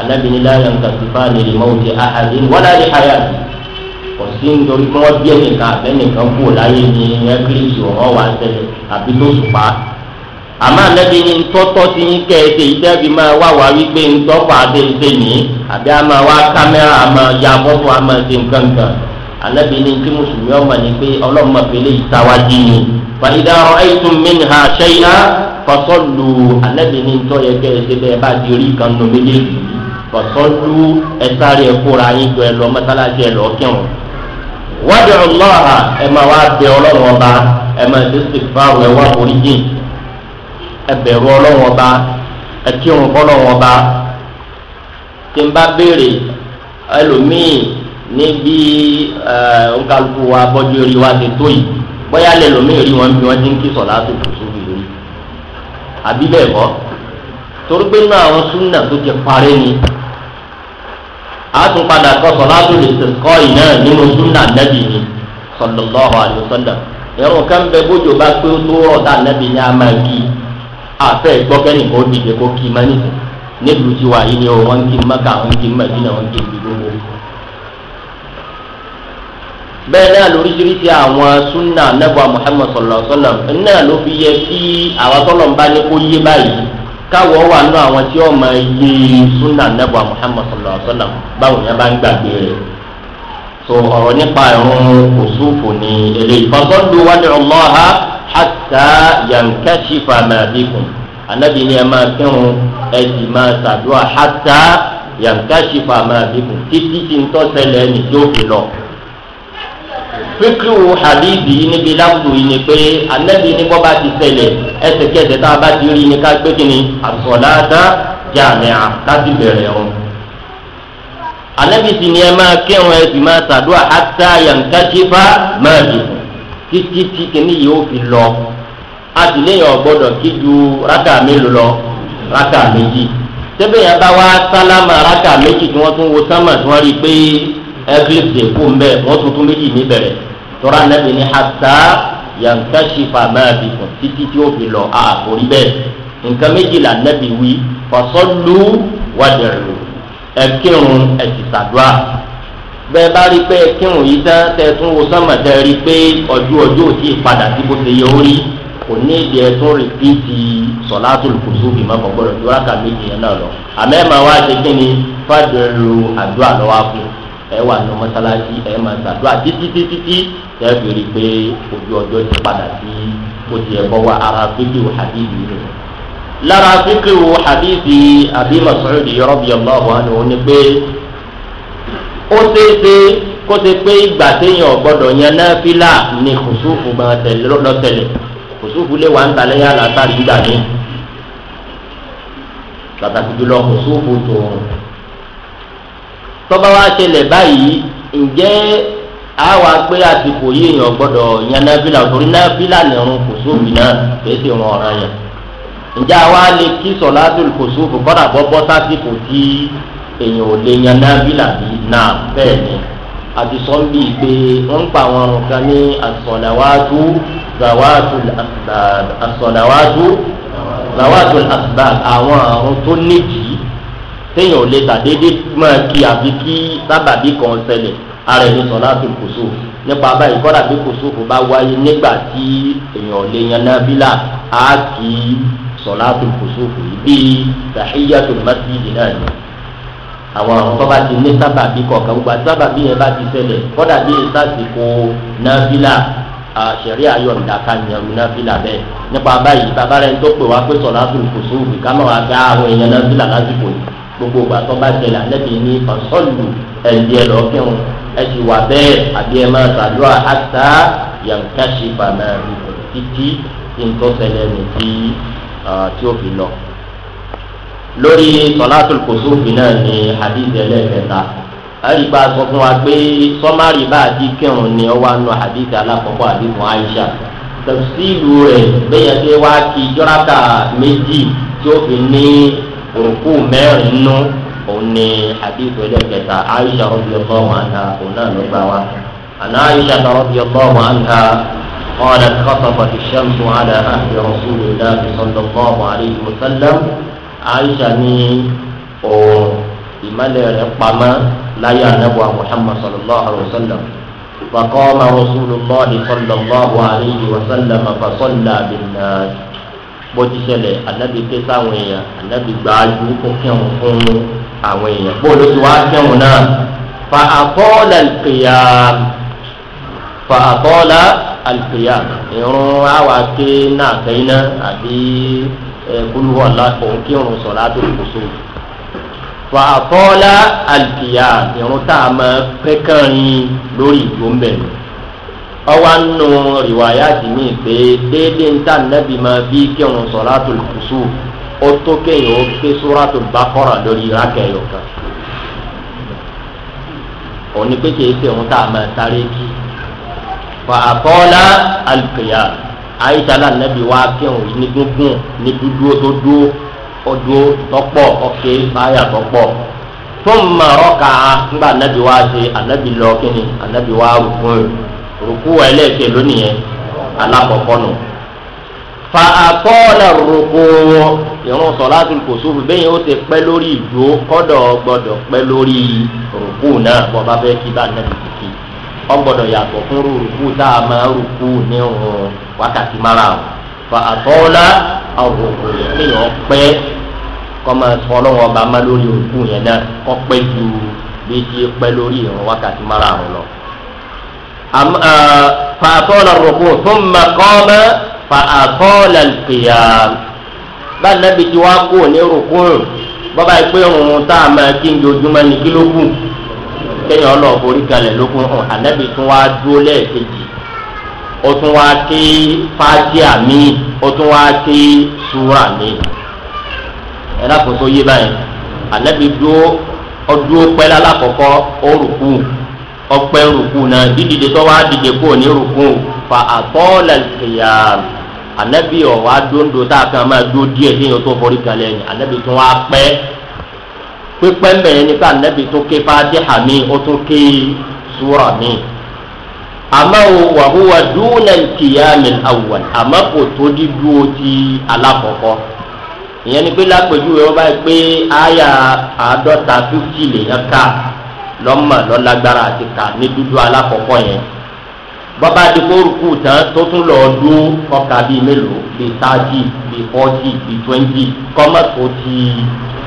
alábìnrin láyà ń kàtúfà ní ìmọ̀ọ́dẹ àhàdé wọ́n láyé àyà kò sí nítorí pé wọ́n bí ẹnìkan àbẹ́nìkan kú láyé ní ẹ́kírísì ọ̀hún wà sẹ́lẹ̀ àbí tó sùpá. àmọ́ alábì ní tọ́tọ́ ti ń kẹ́ ẹ ṣe iṣẹ́ fi máa wá wá wípé ń tọ́pọ̀ abẹ́ ṣe ní àbí a máa wá kámẹ́rà a máa ya fọ́fọ́ a máa ṣe nǹkan kan. alábì ní mùsùlùmí ọmọ ni pé ọlọ́mọ fọ̀tọ́jú ẹ̀sáré ẹ̀kúra yín jọ ẹ lọ mọ́sálásí ẹ lọ kírun. wájú ọlọ́ha ẹ máa wá bẹ ọlọ́run ọba ẹ máa ti sì fà wẹ̀ wá oríjìn ẹ ọlọ́run ọba ẹ kírun ọba. tí n bá béèrè ẹlòmíì níbi nkálukú wa bọ́jú orí wa ti tó yìí bóyá lẹ́lòmíì rí wọn bí wọ́n ti ń kí sọ̀lá tó kù sóbì lórí àbí bẹ́ẹ̀ kọ́ torí pé náà àwọn súnà tó ti parẹ́ ni àtúnpadà kọ́ sọ̀látò lè ṣe kọ́ iná nínú súnà nẹ́bì ni sọ̀lọ́lọ́hùn àdìsọ́dà ẹ̀rọ kan bẹ bójú bá pé ó tó rọ̀ dá nẹ́bì ni a máa kí àfẹ́ ìgbọ́kẹ́ni kò dìde kó kí má nìyí nílùú tí wà yìí ni ó wọ́n kí mẹ́ka wọ́n kí mẹ́dínà wọ́n kí gbogbo. bẹ́ẹ̀ náà lóríṣiríṣi àwọn súnà nẹ́bù Muhammad sọ̀lọ́ sọ̀lọ́ náà ló fi yẹ kí àwọn tọ́lọ̀ káwọ wà nù àwọn tí ó máa yé sunna nebo muhammad sallallahu alaihi wa sallam báwo yẹn bá ń gbàgbé rẹ so ọ̀rọ̀ nípa ìrún kùsùfù ni eléyìí fasọ́dù wàdí ọlọ́ha hàtà yankẹ́sì fàmàbíkùn anabi ni ẹ máa kírun ẹ sì máa ṣàdúrà hàtà yankẹ́sì fàmàbíkùn títí tí ń tọ́ sẹlẹ̀ ẹni tí ó fi lọ fíkìrù hadithi yìí níbi láwùjọ yìí ni pé anabi ní bọ́ bá ti sẹlẹ̀ ẹsẹ̀kẹsẹ̀ tá a bá ti rí ni ká pé kí ni àsọ̀dáadá jàmẹ́à láti bẹ̀rẹ̀ wọn. anabi sì ni ẹ máa kírun ẹ sì máa sàdúrà hátà yankaṣífà máa dì títí tí kìíní yìí ó fi lọ a sì léyìn ọ̀gbọ́dọ̀ kí ju rákà mélòó lọ rákà méjì tẹ́bẹ̀yàn bá wá sálámà rákà méjì tí wọ́n tún wo sámà tí wọ́n every de kó ń bẹ wọ́n tuntun méjì ní bẹ̀rẹ̀ tọ́ra nẹ́bi ní hasa yankashifa máa fi kùn títí tí ó fi lọ àkórí bẹ́ẹ̀ nǹkan méjì là nẹ́bi wí fasọ́lù wàdẹ̀rù ẹ̀kírun ẹ̀sìtàdúrà bẹ́ẹ̀ bá rí pé ẹ̀kírun yìí tán tẹ̀tún wo sánmà tẹ́ rí pé ọjọ́ ọjọ́ òtí ìpadà tí bó ṣe yẹ ó rí kò ní ìdí ẹ̀tún rìpíìtì sọ̀láàtò lùkùsù bí mọ́ kọ̀gbọ́dọ̀ tó rákà méjì yẹn náà lọ àmẹ́ máa wá ṣe kí ni fàdúrà àdúrà lọ́wọ́ fún un ẹ wà ní mọ́sálásí ẹ máa ṣàdúrà títí títí tí ẹ fi rí i pé ojú ọjọ́ ti padà sí bó ti ẹ̀ bọ́ wá ara fíkì wò hadithi rẹ̀. lára fíkì wò hadithi àbí masoud yọrọbì ọlọ́ọ̀bù àná òun ni pé ó ṣeéṣe kó ṣe pé ìgbà téèyàn ọ̀gbọ́dọ̀ yan náà fílà ni kùsùfù lọ́tẹ̀lẹ̀ kùsùfù lè wà ń talẹ́ yàrá látàrí gbà ní pàtàkì jùlọ kùsùfù tòun tọ́ba wa ṣẹlẹ̀ báyìí ǹjẹ́ àwa pé àsìkò yìí èèyàn gbọ́dọ̀ yan nábìlà torí nábìlà nìrun kò sófin náà kìí ṣe wọn ọ̀ràn yẹn ǹjẹ́ àwa lè kí sọ̀látùl kò sófin kọ́dà bọ́ sásìkò tí èèyàn ò lè yan nábìlà bíi náà bẹ́ẹ̀ ni àti sọ́ńbì pé wọ́n ń pa àwọn ọ̀rùn kan ní asọ̀làwátú zawátú asọ̀làwátú zawátú asbab àwọn àrùn tó níjì téèyàn ò lè tàdédé máa kí àfi kí sábàbí kan ṣẹlẹ̀ ara ẹni sọ̀rọ̀ àti kùsù nípa báyìí kọ́dà bí kùsù kò bá wáyé nígbà tí èèyàn lè yan nábìlà á kì í sọ̀rọ̀ àti kùsù kù yìí bíi sàhíyàtò mẹ́sìlì náà ni àwọn àwọn tó bá ti ní sábàbí kọ̀ọ̀kan gbogbo àti sábàbí yẹn bá ti ṣẹlẹ̀ kọ́dà bí sásìkò nábìlà àṣẹ̀rí ayọ̀ ìdàkà ìyẹ̀rù náà fìlà bẹ́ẹ̀ nípa báyìí bàbá rẹ̀ ń tó pè wá pé sọ̀rọ̀ àti kùsù ká mọ̀ wá àwọn èèyàn náà fìlà lásìkò yìí gbogbo ìgbà tó bá jẹlẹ anabi ní fasọlù ẹdí ẹ lọ kírun ẹ sì wà bẹ́ẹ̀ àbí ẹ máa sàdúrà àtà yankaṣi bàmà ìkùn títí ìtọ́sẹ̀lẹ̀ mi tí tí ó fi lọ. lórí sọlátùl kòsófì náà ni hadith ẹlẹ́ẹ̀kẹta àyíká sọ fún wa pé sọmárì bá a di kírun ni ọ wá nu hadith alákọ̀ọ́kọ́ hadith wọn aisha tẹ̀síìlù rẹ̀ bẹ́yẹn pé wá kí jọ́ráta méjì tí ó fi ní òkú mẹ́rin nú òun ni àdìsí ẹlẹ́kẹta aisha radiyallahu anha òun náà ló gbà wá àná aisha radiyallahu anha قالت خطفت الشمس على أهل رسول الله صلى الله عليه وسلم عائشة ni òòrùn ìmọ̀lẹ̀ rẹ̀ pamọ́ láyé anábọ̀ muhammad sallallahu alayhi wa sallam فقام رسول الله صلى الله عليه وسلم فصلى بالناس bọ́jú ṣẹlẹ̀ anabi ké sáwọn èèyàn anabi gbàájú ó kẹ́hùn fún àwọn èèyàn bó ló ti wá kẹ́hùn náà fa àkọọ́lá ìpìyà fa àkọọ́lá àlùkìyà ìrún àwa ké náà kẹ́yìnà àbí kúlúwọ̀ òun kírun sọ̀rọ̀ àtòkòso fa àkọọ́lá àlùkìyà ìrún tá a máa pẹ́kànrin lórí ìgbóǹbẹ̀rẹ̀. ọwọ́ nù rìwáyà tì mí pé déédéé ń tà bi máa bí lukusu o to ó o kéèyàn ó ké sóràtò bá kọ́ra kan òun ni pé kìí ṣe òun tá a máa sáré kí fa àkọọ́lá alùpùpù àyíṣà náà nẹ́bí wá kírun ní gúngún ní dúdú tó dúró ọdún báyà fún màrọ́kà wá ṣe lọ wá rúkú ẹlẹ́ẹ̀kẹ́ lónìí yẹn alákọ̀ọ́kọ́ nù. fa àkọọ́lẹ̀ rúkú ìrún sọ̀láàtù kòsófù bẹ́yìn ó ti pẹ́ lórí ìdúró kọ́dọ̀ gbọ́dọ̀ pẹ́ lórí rúkú náà bọ́ bá fẹ́ kí bá nẹ́bi kìkì ọgbọ́dọ̀ yàtọ̀ fún rúkú tá a máa ní wákàtí mara o fa àkọọ́lẹ̀ rúkú kéèyàn pẹ́ kọ́mọ sọlọ́wọ́ lórí yẹn náà kọ́ pẹ́ ju bí pẹ́ lórí mara o lọ. فأطال الركوع ثم قام فأطال القيام báyìí nàbí tí wàá kú ní rukun bàbá yìí pé òun tá a máa kí n jojúmọ́ ní kí ló kù kéèyàn ọlọ́ọ̀ forí kalẹ̀ lókun hàn ànábì tún wàá dúró lẹ́ẹ̀kejì ó tún wàá ké fájíà míì ó tún wàá ké súrà míì ẹ lákòóso yé báyìí ànábì dúró ọdúró pẹ́lá lákọ̀ọ́kọ́ ó rùkú ọpẹ rukú náà dídìde tó wá dìde kó ní rukú fa àtọ́lẹ̀ kìyà anabi ọ̀wá dóńdó tá a kan máa dó díẹ̀ léyìn tó forí kalẹ̀ yẹn anabi tó wá pẹ́ pípẹ́ mẹ́rin nípa anabi tó ké fàdíhà mi ó tó ké súra mi àmọ́ o wà húwa dúnà kìyà mi àwọn àmọ́ kò tó di dúró ti alákọ̀ọ́kọ́ ìyẹn ni pé lápèjúwe wọn báyìí pé àyà àádọ́ta fífì lè yàn ká lọ́mọ lọ́lágbára àti kà ní dúdú alákọ̀ọ́kọ́ yẹn bọ́bá adigun rúkú tán tó tún lọ dún ọkà bíi mélòó bíi táàjì bíi fọ́ọ̀jì bíi twẹ́ńjì kọ́mọ̀tò ti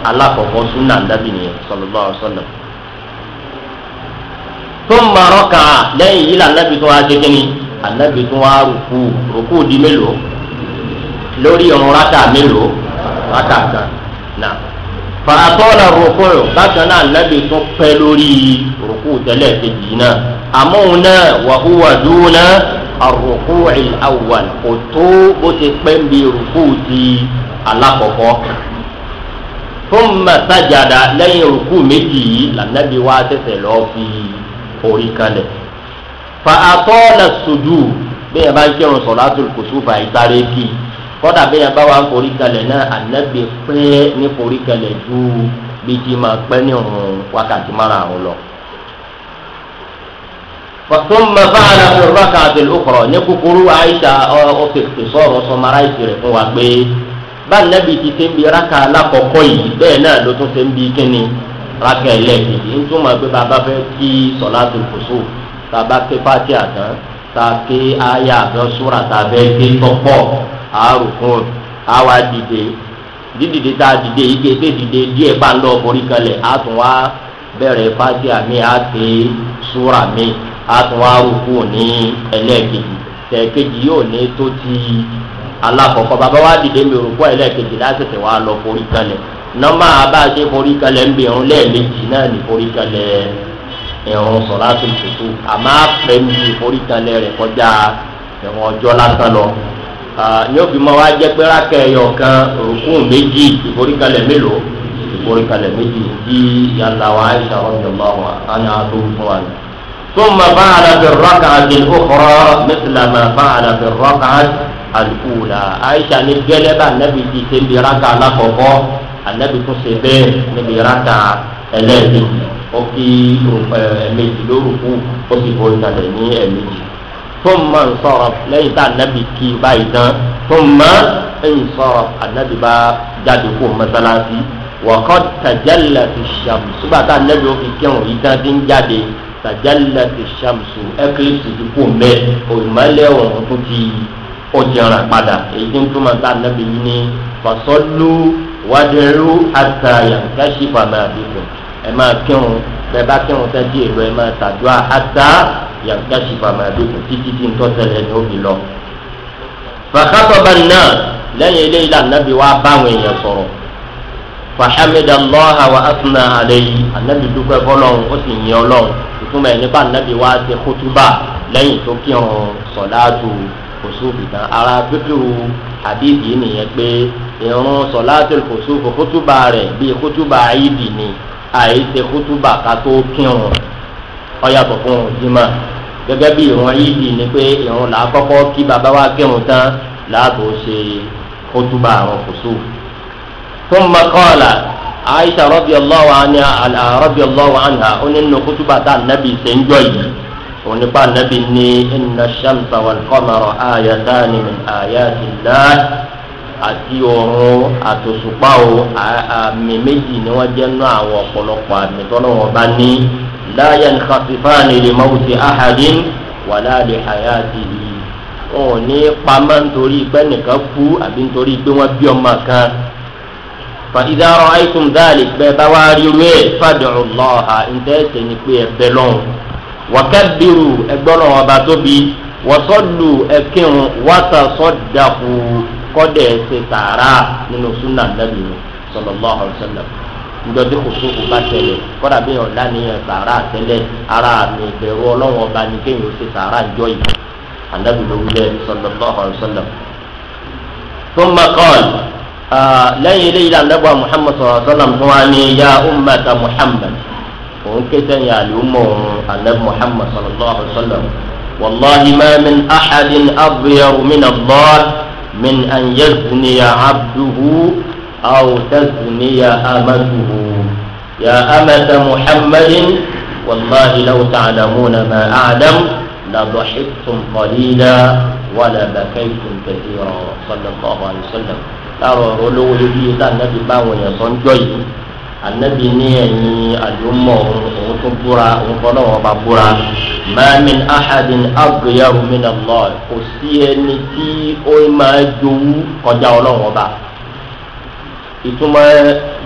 alákọ̀ọ́kọ́ súnà ńdábì nìyẹn sọlọ́lá ọ̀sọ́nà. tó ń marọ́ kan lẹ́yìn yìí lànàbì tó wá gẹ́gẹ́ ni ànàbì tó wá rúkú rúkú di mélòó lórí ọ̀run rákà mélòó rákà kan náà fàtọ́lá rukuu bákan náà nàbì tún pẹ́ lórí rukuu tẹ́lẹ̀ kejì náà àmọ́ òun náà wà húwà dúnà àrùkuu àwọn kò tó bó ti pẹ́ ń bi rukuu ti alákọ̀ọ́kọ́ fún masajada lẹ́yìn rukuu méjì yìí lànàbì wá tẹ̀sẹ̀ lọ́ọ́ fi orí kalẹ̀ fàtọ́lá sùdù bẹ́ẹ̀ bá ń kírun sọ̀rọ̀ àtúntò kò sùfà ìtàrẹ́kì kọ́dà bí yẹn bá wà ń forí kalẹ̀ náà ànábì pẹ́ ní forí kalẹ̀ ju bí ti máa pẹ́ ní òun wákàtí mara àwọn lọ. fọ̀tún mẹ́fà àlàfo rákà àtẹlẹ òkòrò ní kúkúrú àyíṣà ọ̀fẹ̀fẹ̀ sọ̀rọ̀ sọmaráìsì rẹ̀ fún wa pé bá ànábì ti ṣe ń bi rákà alákọ̀ọ́kọ́ yìí bẹ́ẹ̀ náà ló tún ṣe ń bi kíni rákà ẹlẹ́ẹ̀kejì ń túmọ̀ pé bàbá fẹ́ kí sọ̀lá tó kùsù bàbá ké fàtíà tán ta ké áyà àbẹ́sùrà tàbẹ́ ké tọ́pọ̀ àárùkún àwa dìde dídìde tá a dìde yìí kété dìde díẹ̀ bá ń lọ forí kalẹ̀ á tún wá bẹ̀rẹ̀ fásíà mi á ti súra mi á tún wá rúkú ní ẹlẹ́ẹ̀kejì tẹ̀ẹ̀kejì yóò ní tó ti alákọ̀ọ́kọ́ bàbá wa dìde mi rúkú ẹlẹ́ẹ̀kejì lásìkò wa lọ forí kalẹ̀ nọ́mbà abáṣe forí kalẹ̀ ń bẹ̀rù lẹ́ẹ̀mejì náà ní forí kalẹ̀ ẹ̀rùn sọ̀rọ̀ àti ìṣètò àmọ́ àpẹ̀mí forí kalẹ̀ rẹ̀ kọjá ẹ̀rùn ọjọ́ lásán lọ ní òbí ma wá jẹ́ pé rákẹ́ ẹ̀yọ̀ kan òkun méjì ìforíkalẹ̀ mélòó ìforíkalẹ̀ méjì tí yàrá wa aisha ọ̀dọ̀mọ̀ wa àná tó fún wa ni. ثم فعل في الركعة الأخرى مثل ما فعل في الركعة الأولى عائشة نجلب النبي تيسين بركعة لقبه النبي تسيبه بركعة ẹlẹ́ẹ̀kejì ó fi ẹ̀ẹ̀mejì lórúkú ó sì forí thumma nsaraf lẹ́yìn tá ànábì kí báyìí tán thumma nsaraf ànábì bá jáde kó mọ́sálásí waqad tajallati shams sígbà tá ànábì ó fi kírun yìí tán ti ń jáde tajallati shams eclipse ti kó mẹ́ òyìnbálẹ̀ ọ̀hún tó ti ọ̀jẹ̀ràn padà èyí tó ń túmọ̀ tá ànábì yìí ní fasallu wadiru hatta yankashifa ma bikum ẹ̀ máa kírun bẹ́ẹ̀ bá kírun tán bí èrò ẹ̀ máa tàdúrà ata yàtọ̀ sípà máa dókun títí tí ń tọ́sẹ̀lẹ̀ ní òbí lọ. fàkàtọ̀bà náà lẹ́yìn eléyìí lànàbí wa báwọn èèyàn sọ̀rọ̀ fàhámídà lọ́hà wa asùnà àlẹ́yìn ànàbí dúpẹ́ fọlọ́run ó sì yìn ọlọ́run ìtumọ̀ ẹ̀ nípa ànàbí wa ti kútúbà lẹ́yìn tó kírun sọ̀láàtù kòsófì tán ara pípéwò àdéhìí nìyẹn pé ìrún sọ̀láàtù kòsófì kútúbà rẹ̀ bíi kútúbà ayídì ni àìsè kútúbà ká tó kírun ọyàtọ̀ fún òun jimá gẹ́gẹ́ bí ìrún yídì ni pé ìrún là á kọ́kọ́ kí bàbá wa kírun tán láàbò ṣe kútúbà àrùn kùsù. fún makọ́ọ̀là aisha rọ́bì ọlọ́wà ni rọ́bì ọlọ́wà ni ha ó nínú kútúbà tá ànábì ṣe ń jọ yìí òun nípa ànábì ní iná ṣàǹtà wàlúkọ́mọ̀rọ̀ àyàtà ni àyàtì àti ọ̀run àtòṣùpá o àmì méjì ni wọ́n jẹ́ nú àwọn ọ̀pọ̀lọpọ̀ àmì tọ́lọ́ wọn bá ní láyà ní kàfífáàní lè máa wùtí àhàdín wà láàlè àyà àti ìlú wọn ò ní pamọ́ nítorí pé nìkan kú àbí nítorí pé wọ́n bí ọmọ kan fàìdárọ̀ àìsùn dáàlì bẹ́ẹ̀ bá wá rí rú ẹ̀ fàdùrù lọ́ọ̀hà ni pé ẹ̀bẹ̀ lọ́hùn wàkàbírù ẹgbọ́n ọba tóbi wọ́sọ́lù ẹ̀kírun wàtà sọ́dàkù kọ́dẹ̀ ṣe tààrà nínú súnà nàbì mi sallallahu alaihi wasallam njọdí kòtò kò bá tẹlẹ kọ́dà bí ọ̀dà nìyẹn tààrà tẹlẹ ara mi bẹ̀rù ọlọ́wọ́n ọba ni kéèyàn ṣe tààrà jọ yìí anabi ló wulẹ̀ sallallahu alaihi wasallam. thumma qala lẹ́yìn eléyìí la nàbà muhammad sallallahu alaihi wasallam fún wa ní ya muhammad òun ké sẹ́yìn àlùmọ̀ anabi muhammad sallallahu alaihi wasallam wallahi ma min ahadin abyaru min Allah. من أن يزني عبده أو تزني أمته يا أمة محمد والله لو تعلمون ما أعلم لضحكتم قليلا ولبكيتم كثيرا صلى الله عليه وسلم. láàrọ̀ ọ̀rọ̀ olówó lórí yìí tá a anabi ní ẹ̀yin àdúmọ̀ òun tó búra òun kọ́ náà wọ́n bá búra mamin ahadin abuyahu minallah kò sí ẹni tí ó máa jowú kọjá ọlọ́run ọba ìtumọ̀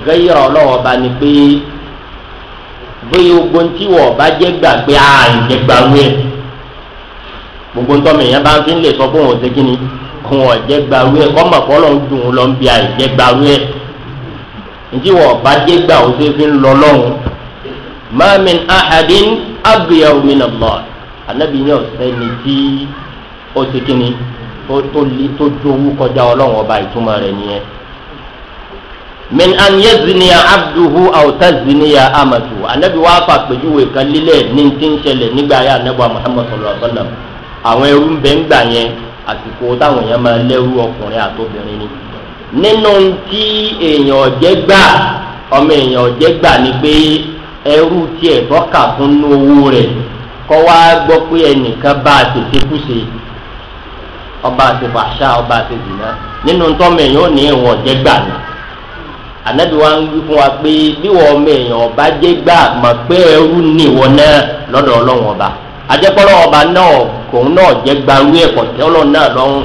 gẹ́yìrà ọlọ́run ọba ni pé bóyá ogun tí wọ́n bá jẹ́ gbà pé àìjẹ́ gbà gbogbo ntọ́mi yẹn bá fi lè sọ fún òun ṣe kí ni òun ọ̀jẹ́ gbà kọ́mọ̀kọ́ lọ́n dùn ún lọ́n bí àìjẹ́ gbà njí wọ bá dé gbà ó tó fi ń lọ lọ́hùn ma min ahadin abiyahu anabi ní ọ̀sẹ́ni tí ó ti li tó kọjá ọba ìtumọ̀ rẹ̀ nìyẹn min an abduhu awta ziniya amatu anabi wa fa kan lile ní ti ń ṣẹlẹ̀ nígbà yà anabi muhammad sallallahu alaihi wa sallam ẹrú bẹ gbà nínú tí èèyàn ọ̀jẹ́ gbà ọmọ èèyàn ọ̀jẹ́ gbà ni pé ẹrú tiẹ̀ tọ́ka fún ní owó rẹ̀ kọ́ wá gbọ́ pé ẹnìkan bá a tètè kùsè ọba àtẹ̀fọ̀ àṣà ọba àtẹ̀dìnà nínú tọ́mọ èèyàn ò ní ìwọ̀n ọ̀jẹ́ gbà ni ànábi wa ń wí fún wa pé bí wọ́n ọmọ èèyàn ọba jẹ́ gbà mọ̀ pé ẹrú ni ìwọ náà lọ́dọ̀ ọlọ́run ọba àjẹpọ́lọ́ ọba náà kòun náà jẹ́ gbà wí ẹ̀kọ́ tẹ́ọ́lọ́ náà lọ́rùn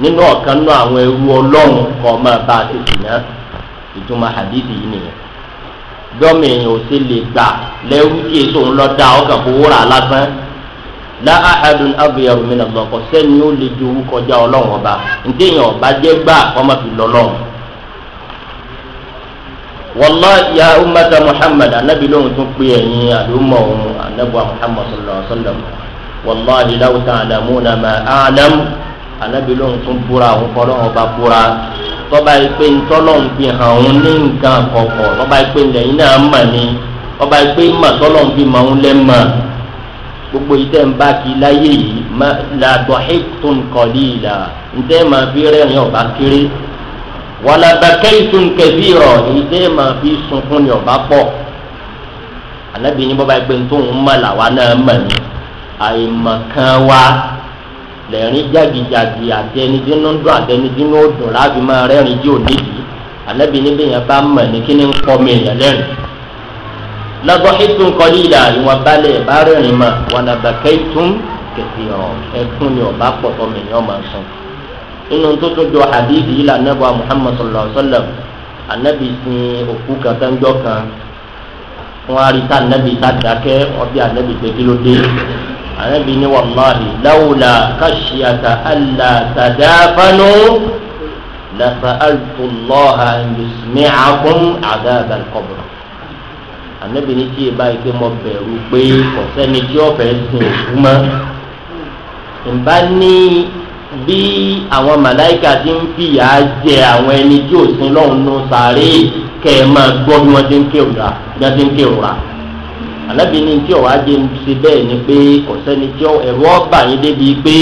nínú ọ̀kan náà àwọn ẹrú ọlọ́run kọ́ máa bá a ti sìnà ìtumọ̀ hadithi yìí nìyẹn dọ́mì èèyàn ò sì lè gbà lẹ́rú tí èso ń lọ da ọkàn fowó rà lásán lá àádùn abiyahù mi lọkọ sẹ́ni ó lè ju kọjá ọlọ́run ọba ǹdí èèyàn ọba jẹ́ gbà ọmọ fi lọ lọ́run. wọ́lá ya umata muhammad anabi lóhun tún pé ẹ̀yin àdúmọ̀ òun anabu muhammad sallallahu alayhi wa sallam wọ́lá ìlàwùtà àdàmúnà mà anabi lóhùn tún búra òun kọ́ lóhùn ọba búra tọ́ba yìí pé ntọ́lọ́hùn fi hàn òun ní nǹkan kọ̀ọ̀kọ̀ tọ́ba yìí pé lẹ́yìn náà mà ní tọ́ba yìí pé mà tọ́lọ́hùn fi mà òun lẹ́ mà gbogbo yìí tẹ́ ń bá kí láyé yìí làtọ̀ hẹ́tùn kọ̀lì ìlà ntẹ́ máa fi rẹ́rìn ọba kéré wàlà bàkẹ́yìtùn kẹ̀bí rọ̀ ntẹ́ máa fi sunkún ní ọba pọ̀ anabi ní bọ́ba yìí pé ntòun mà làwa náà mà ní àìmọ̀kan lẹ́rìn jagijagi àtẹnidínlọ́dún àtẹnidínlọ́dún láti máa rẹ́rìn jí òdìdí ànábì níbẹ̀ yẹn bá mọ̀ ní kíni ń kọ́ mi yẹn lẹ́rìn. lọ́gbọ́ ètò nkọ́lí ìlà ìwọ̀n balẹ̀ bá rẹ́rìn mọ̀ wọn kẹsì ọ̀ ni ọba pọ̀tọ́ mi yẹn ọmọ sùn. inú tó tó do àdìdì ìlà anabi ni wàllahi lawla kashiyata ala tadafanu lafa altulaha yusmi'akum adaba alqabr anabi ni tí eba yìí pé mo bẹ̀rù pé kò sẹ́ni tí ó fẹ́ sin òkú mọ́ nba ní bí àwọn màláìka ti ń fìyà jẹ àwọn ẹni tí ò sin lọ́hùn-ún sáré kẹ́ ẹ máa gbọ́ bí wọ́n ti ń kérora alábìíní tí ọ̀wá jẹ́ ń ṣe bẹ́ẹ̀ ni pé ọ̀sẹ́ni tí ẹ̀rọ ọba yín débi pé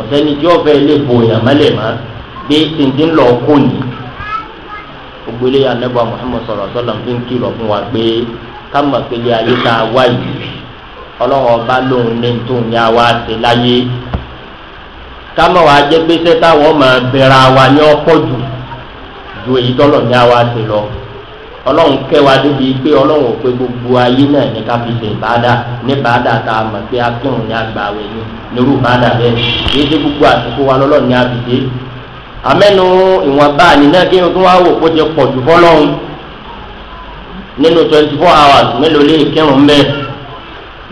ọ̀sẹ́ni tí ọ̀fẹ́ lè bo èèyàn mẹ́lẹ̀ mọ́ pé tìǹtìǹ lọ kò ní. gbogbo ilé anábọ̀ muhammed sọ̀rọ̀ sọ́lá fi ń kìlọ̀ fún wa pé ká mọ̀ pé ilé ayé tá a wá yìí ọlọ́run ọba lòun ní tó ní a wá ṣe láyé ká mọ̀ wá jẹ́ pé sẹ́táwọ́ máa bẹ̀rẹ̀ wa ní ọ̀pọ̀ jù ju èyí tọ́lọ̀ ní a wá ṣe lọ ọlọ́run kẹwàá débi pé ọlọ́run ò pé gbogbo ayé náà ní ká fi ṣe ìbáadà ní báadà tá a mọ̀ pé akínrun ní agbàwẹ̀ ni nírú báadà bẹ́ẹ̀ kìí ṣe gbogbo àsìkò wa lọ́lọ́run ní àbìdé amẹ́nu ìwọ̀n bá a nínú kí n tún wá wò kó jẹ pọ̀ jù fọ́lọ́run nínú twenty four hours mélòó lè kírun bẹ́ẹ̀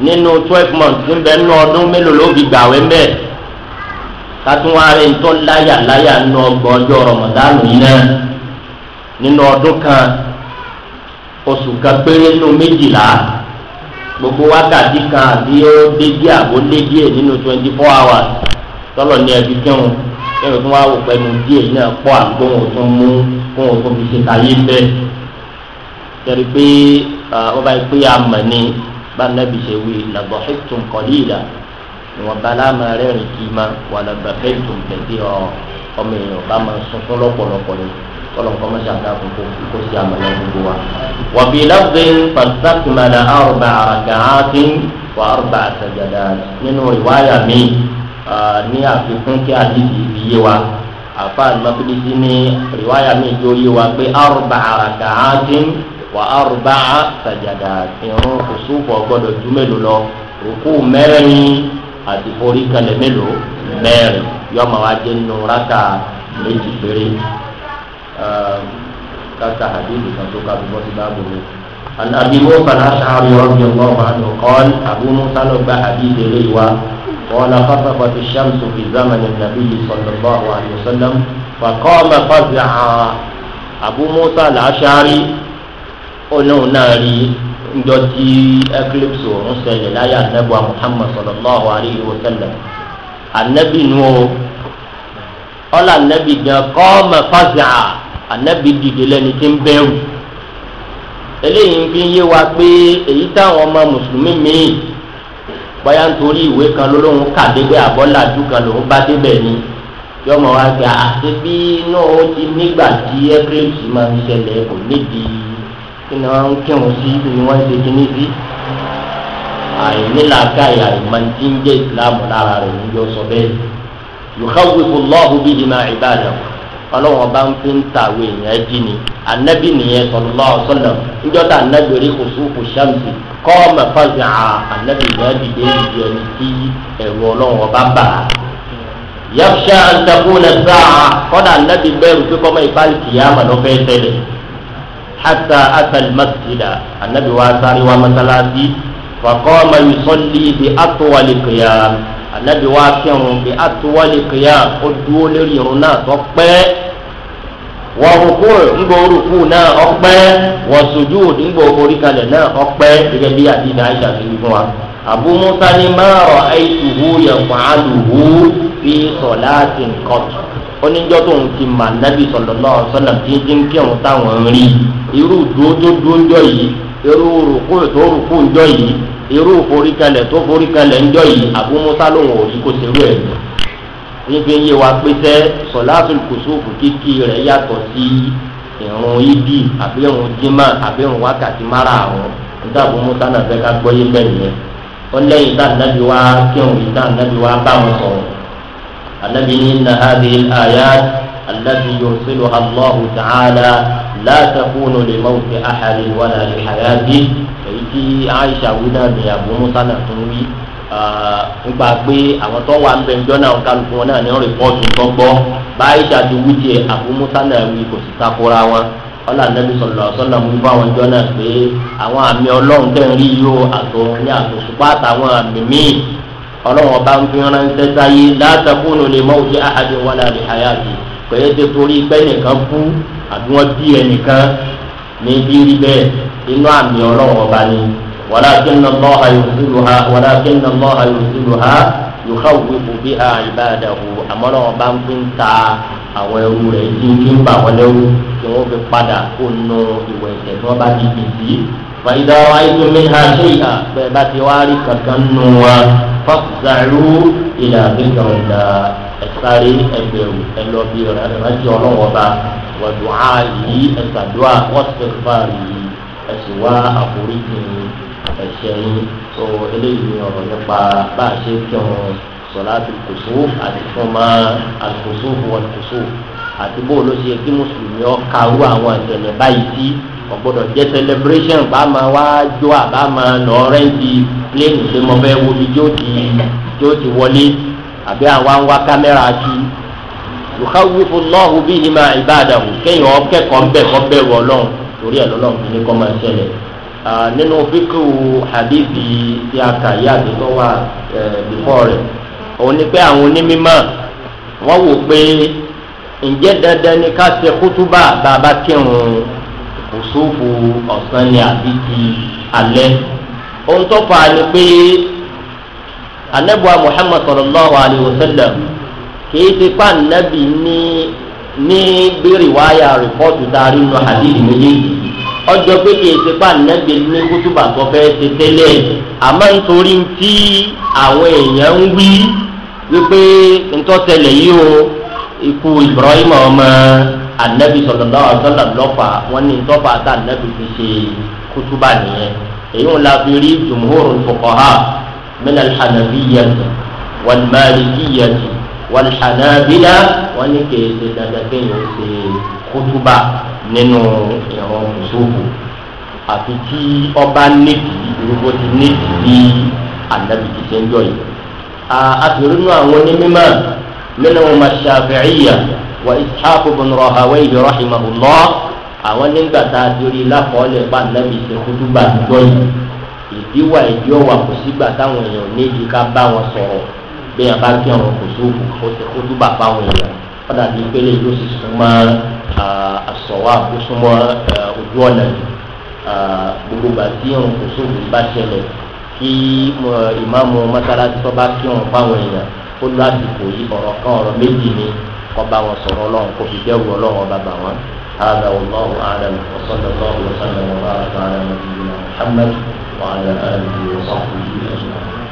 nínú twelve months ń bẹ́ẹ̀ nínú ọdún mélòó ló fi gbàwẹ̀ bẹ́ẹ̀ kátúwárẹ̀ ń láyà láyà nínú ọgbọ̀n ọjọ́ rọ̀mọ̀dánù yìí náà nínú ọdún kan oṣù kan péré nínú méjìlá gbogbo wákàtí kan àbí ó dé díẹ̀ àbó lé díẹ̀ nínú twenty four hours tọ́lọ̀ ní ẹbí kẹ́hùn kẹ́hùn tó wá wò pẹ̀lú díẹ̀ náà pọ̀ àgbóhùn tó mú kóhùn tó fi ṣe káyé bẹ́ẹ̀ tẹ̀rí pé wọ́n bá yẹ pé àmọ̀ ni bá nàbì ṣe wí làbọ̀ ẹ̀tùn kọ́lí ìlà ìwọ̀n balama rẹ̀rìn kì í ma wà làbà ẹ̀tùn tẹ̀sí ọmọ èèyàn bá máa sunkún lọ́pọ̀lọpọ̀ lẹ́yìn kọlọ̀kọ́ mọ́ ṣàdá àkókò kó ṣe àmàlà gbogbo wa. wàbí lọ́gbìn pàṣẹkìmọ̀lá àrùbà àràgàáfin wà àrùbà àtàjàdà nínú ìwáyà mi ní àfikún kí àdìsí iye wa àfa àlùmọ́kìdìsí ní ìwáyà mi yóò yé wa pé àrùbà àràgàáfin wà àrùbà àtàjàdà ìrún kùsùfọ̀ gbọ́dọ̀ ju mélòó lọ òkú mẹ́rin àti forí kalẹ̀ mélòó mẹ́rin yọmọ wa jẹ́ nù rákà méjì péré. Um, kata hadithi kan tó ká bíbọ́ sí báàbò rẹ̀. àbí mọ́kàn aṣáájú ọ̀gbìn ọgbọ́n àná kọ́ọ́n àbú musa ló gba hadithi eléyìí wa wọ́n afọ́sọ́fọ́ ti ṣàmùsùn fi zámanì nàbí yìí sọ̀lọ́gbọ́ àwọn àlùsọ́lọ́m fàkọ́ọ̀mẹ́ fọ́sì àwọn àbú musa làṣáárí onáwó náà rí njọ tí eclipse òun ṣẹlẹ̀ láyé anabi muhammad sallallahu alayhi wa sallam anabi nu o ọlọ anabi gan kọ́ọ̀mẹ́ anabi dìde lẹni tí ń bẹ̀rù eléyìí fi ń yé wa pé èyí táwọn ọmọ mùsùlùmí míì báyà nítorí ìwé kan lólóhùn kà débẹ̀ àbọ́làdú kan lòún bá débẹ̀ ni yọ ọmọ wa gbà àti bí náà ó ti nígbà tí ẹ́pẹ́rẹ́sì máa ń ṣẹlẹ̀ kò nídìí kí ni wọ́n ń kírun sí ni wọ́n ṣe kíní sí àìnílàáká ìyá ìmọ̀ntínjẹ́ ìsìlámù lára rẹ̀ níjọ́ sọ bẹ́ẹ̀ yòókàwé fún lọ́ọ̀hún bíi ìmọ̀ ìbáraẹ̀ ọlọ́wọ́n bá ń fi ń tàwé èèyàn jí ni anabi nìyẹn sọlọ́lá ọ̀sọ́nà níjọ́tà anabi orí kò sóko ṣáàmùsì kọ́ ọmọ fàgbà anabi yẹn dìde ìdí ẹni tí ẹ̀rọ ọlọ́wọ́n bá bà á. yàtúṣà àǹtakùn ẹ̀sà kọ́dà anabi bẹ́ẹ̀rù pé kọ́mọ ìbálẹ̀ kìyàmà lọ́fẹ́ tẹ́lẹ̀ hasa asal masjida anabi wa sáré wa masalasi fakọ́ ọmọ yìí anabi wa kírun bí atuwali kìyà ó dúró lórí irun náà tó pẹ́ wọ́rùkú ńgbọ́ orúkú náà ọpẹ́ wọ́sùjú ńgbọ́ oríkalẹ̀ náà ọpẹ́ gẹ́gẹ́ bí àdìdá àìsà ti wí fún wa. àbú musa ní márọ̀ àìsùwú yẹ̀fọ́ àlùwú fi sọ̀lá ti kọ̀tù. oníjọ́ tó ń ti mà nábì sọ̀lọ̀ náà sọ̀nà tí ń kírun táwọn rí irú dúró tó dúró ń yìí irú rùkú tó rùkú ń yìí irú foríkalẹ̀ tó foríkalẹ̀ ń jọ yìí Abu Musa lòun ò rí kó serú ẹ̀ lọ níbi yé wa pé sẹ́ sọ̀láàtún kùsùfù kíkì rẹ̀ yàtọ̀ sí ìrùn ibi àbí ìrùn jimá àbí ìrùn wákàtí mara àwọn nígbà Abu Musa náà fẹ́ ká gbọ́ yé bẹ́ẹ̀ yẹn wọ́n lẹ́yìn tá ànábi wá kírun yìí tá ànábi wá bá sọ̀rọ̀ ànábi ní inna hadhihi al-ayat allati yursiluha Allahu ta'ala la takunu li tí aisha wí náà ní abu musa náà tó wí nípa pé àwọn tó wà ń bẹ ńjọ́ náà kálukú wọn náà ní rìpọ́ọ̀tù tó gbọ́ bá aisha ti wí tiẹ̀ abu musa náà wí kò sì takora wọn ọlá nàbí sọlọ sọlọ mú bá wọn jọ náà pé àwọn àmì ọlọ́run tẹ̀ ń rí yó àtọ̀ ní àtòsùpá àtàwọn àmì míì ọlọ́run ọba ń fi ránṣẹ́ sáyé látàkùnú lè mọ òjì àhàdé wàlá rè hayàtì pẹ̀lú ètò torí pé nìkan kú àbí wọ́n bí ẹnìkan ní bí rí bẹ́ẹ̀ inú àmì ọlọ́run ọba ni wàlákínà lọ́ha yòókùlùhà wàlákínà lọ́ha yòókùlùhà yòókàwùwìkù bí a ìbáradàwò àmọ́ náà bá ń pín ta àwọn ẹrú rẹ̀ jíjí ń bà wọ́n lẹ́rú kí wọ́n fi padà kó nu ìwẹ̀ ẹ̀jẹ̀ tí wọ́n bá ti dì fàyídà wa ètò mi ha ṣe ìhà bẹ́ẹ̀ bá ti wá rí kankan nù wa fọ́kùsàrú ìlà àgbẹ̀kan ìlà ẹ̀sáré ẹgbẹ̀rù ẹlọ́bí ọ̀rẹ́ àti ọlọ́wọ́ bá wàdùn ààyè ẹ̀sàdúrà wọ́sẹ̀fà ẹ sì wá àforíjì ẹ̀ṣẹ̀ yín tó eléyìí ní ọ̀rọ̀ nípa bá a ṣe kí wọn sọlá ti kòsó àti fún ma àkòsó wọn kòsó àti bó ló ṣe kí mùsùlùmí ọkà wú àwọn àtẹ̀lẹ̀ báyìí sí ọ̀gbọ́dọ̀ jẹ́ celebration bá máa wá jó àbá máa lọ rẹ́ǹdì plane ṣe mọ́ bẹ́ẹ̀ wo ni tí ó ti tí ó ti wọlé àbí àwa ń wá kámẹ́rà sí i yòókà wípé lọ́hùn bíi ní ma ìbàdàn kéèyàn ọkẹ́kọ̀ọ́ ń bẹ̀ kọ́ bẹ̀rù ọlọ́run torí ẹ̀ lọ́nà òfin ní kọ́ máa ṣẹlẹ̀ nínú fíkù hadithi tí a kà yí àdúgbò wà bífọ́ rẹ̀ òun ni pé àwọn onímọ̀ wọ́n wò pé ǹjẹ́ dandan ni ká ṣe kútúbà bàbá kírun kùsùfù ọ̀sán ni àbí ti alẹ́ ohun tó fà á ni pé anabuwa muhammad sallallahu alayhi wa sallam kì í ti pa nabi ní ní bẹ́ẹ̀rẹ̀ wáyà rìpọ́ọ̀tù darí nù hadith méjèèjì ọjọ́ pé kì í ṣe pa nẹ́gbẹ̀ẹ́ ní kútùbà tó fẹ́ ṣe tẹ́lẹ̀ àmọ́ nítorí tí àwọn èèyàn ń wí wípé ntọ́tẹ̀lẹ̀ yìí o ikú ibrahim ọmọ anabi sọlọlọ àtọlọ lọfà wọn ni ntọ́fà tá anabi fi ṣe kútùbà nìyẹn èyí wọn la fi rí jùmùhùrù fọkọ̀ha mẹ́nà hànàbíyẹ̀ wàlmàlìkíyẹ̀ tì wọn Hanabila wọn ní kì í ṣe dandan kéèyàn ṣe kútúbà nínú ìran mùsùlùmù àfi tí ọba nídìí irúgbó ti nídìí bí ànábì ti ṣe ń jọ yìí. àtúrò nínú àwọn onímọ̀ nínú Shafi'iyya wa Ishaq ibn Rahawayh rahimahullah àwọn nígbà tá a ti rí lákọọ́lẹ̀ pa ànábì ṣe kútúbà jọ yìí ìdíwà ìdíwà kò sígbà táwọn èèyàn nídìí ká bá wọn sọ̀rọ̀ bí a bá kí ọ̀run kò sóòfù kó tó bà fáwọn èèyàn padà bíi pé lè yóò sì súnmọ́ àsọ̀wá kó súnmọ́ ojú ọ̀nà yìí gbogbo gbà tí ọ̀run kò sóòfù bá ṣẹlẹ̀ kí ìmáàmù mọ́sálásí tó bá kí ọ̀run fáwọn èèyàn ó lọ àsìkò yìí ọ̀rọ̀ kan ọ̀rọ̀ méjì ni kọ́ bá wọn sọ̀rọ̀ ọlọ́run kó fi dẹ́rù وعلى آله وصحبه أجمعين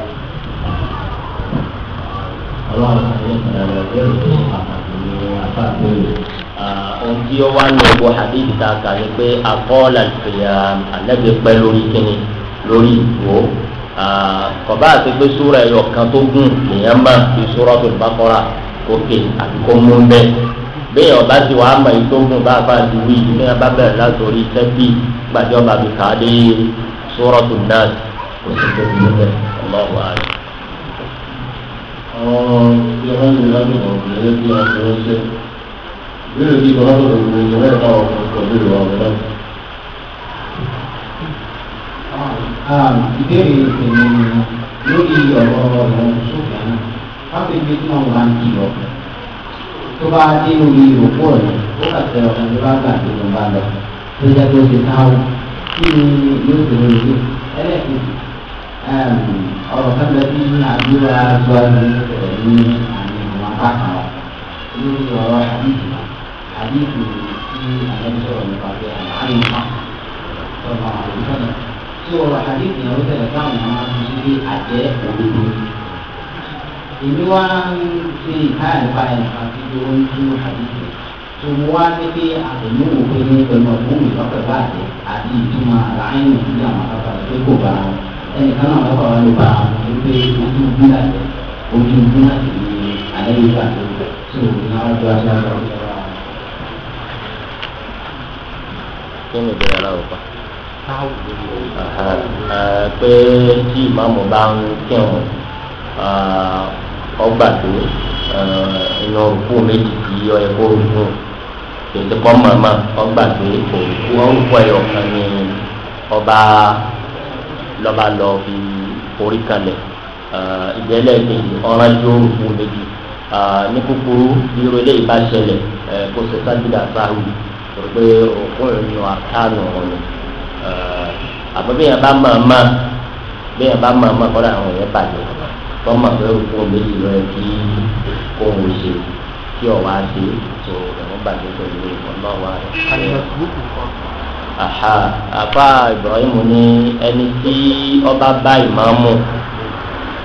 ọlọ́run ẹ̀rọ tó pàtàkì ní afáàbẹ̀rẹ̀ ohun tí ó wá ní ọgbọ àdéhìí ta kà ní pé akọ́ọ̀lá ìfìyà ànábì pẹ́ lórí kíni lórí ìwò kọ̀bá àti pé súra ẹ̀yọ̀ kan tó gùn lèèyàn máa fi súra tó bá kọ́ra òkè àti kó mú bẹ́ẹ̀ bẹ́ẹ̀ ọba ti wàá mọ ìtógun bá a bá ti wí ní a bá bẹ̀rẹ̀ látòrí sẹ́bí gbàdé ọba mi kà á dé súra tó náà kò sí tó ní bẹ́ẹ̀ ọlọ́run àná àwọn ìjọba ní ní lórí ọ̀rọ̀ ọ̀rọ̀ sókè náà wọ́n fi gbé tí wọ́n wá ń kìlọ̀ tó bá dé orí òkú ọ̀rẹ́ ó kà tẹ tó bá gbà tó ń bá lọ tó jẹ́ tó ti táwọn kí ni yóò fi lórí ẹlẹ́kìtì ọ̀rọ̀ kan bẹ tí àdúrà sọ ní ẹ̀mí àmì ìwọ̀n lórí ọ̀rọ̀ àdìgbò àdìgbò tí àwọn nípa pé àmì ìwọ̀n sọ̀rọ̀ àdìgbò náà tí ọ̀rọ̀ àdìgbò náà ó tẹ̀lé káwọn máa fi ṣe àjẹ́ òdodo. èmi wá ń ṣe ìkáyà nípa ẹ̀ àti ohun tí àdìgbò tó wá ní pé àtẹ̀mú òfin ní pẹ̀lú ọ̀gbọ́n ìlọ́pẹ̀ bá àti ìtumọ̀ àlàyé ìdílé àwọn àpapọ̀ ẹnì kan náà lọ́kọ̀ wọn àwọn pé ojú bílà ojú bílà sì ni alẹ́ yìí bá tó tó náà tó aṣọ àgbà ọ̀gá. kí ni ìbéèrè aláwọ̀ pa? pé tí ìmáàmù bá ń kírun ọgbà tó iná òkú méjì tí ọyẹ kó rúkú èdè kọ́ màmá ọgbà tó òkú ọ̀rùkú ẹ̀yọ̀ kan ní ọba lọ́ba lọ fi orí kalẹ̀ ìgbẹ́lẹ̀ kejì ọ̀ràn yóò wù méjì ní kúkúrú irú eléyìí bá ṣẹlẹ̀ uh, kó ṣe sábìlà sáwù rò pé òkú ìrìnnà àtàlù ọ̀nà àmọ́ bí yẹn bá máa ma bí yẹn bá máa ma kọ́ra àwọn yẹn bàjẹ́ wọ́n mọ̀ pé òkú méjì lọ kí òun ṣe kí ọ̀wá ṣe tó ẹ̀wọ̀n bàjẹ́ pẹ̀lú ìkọ̀ náà wà aha afa ibrahim ni ẹni tí ọba bá ìmáàmù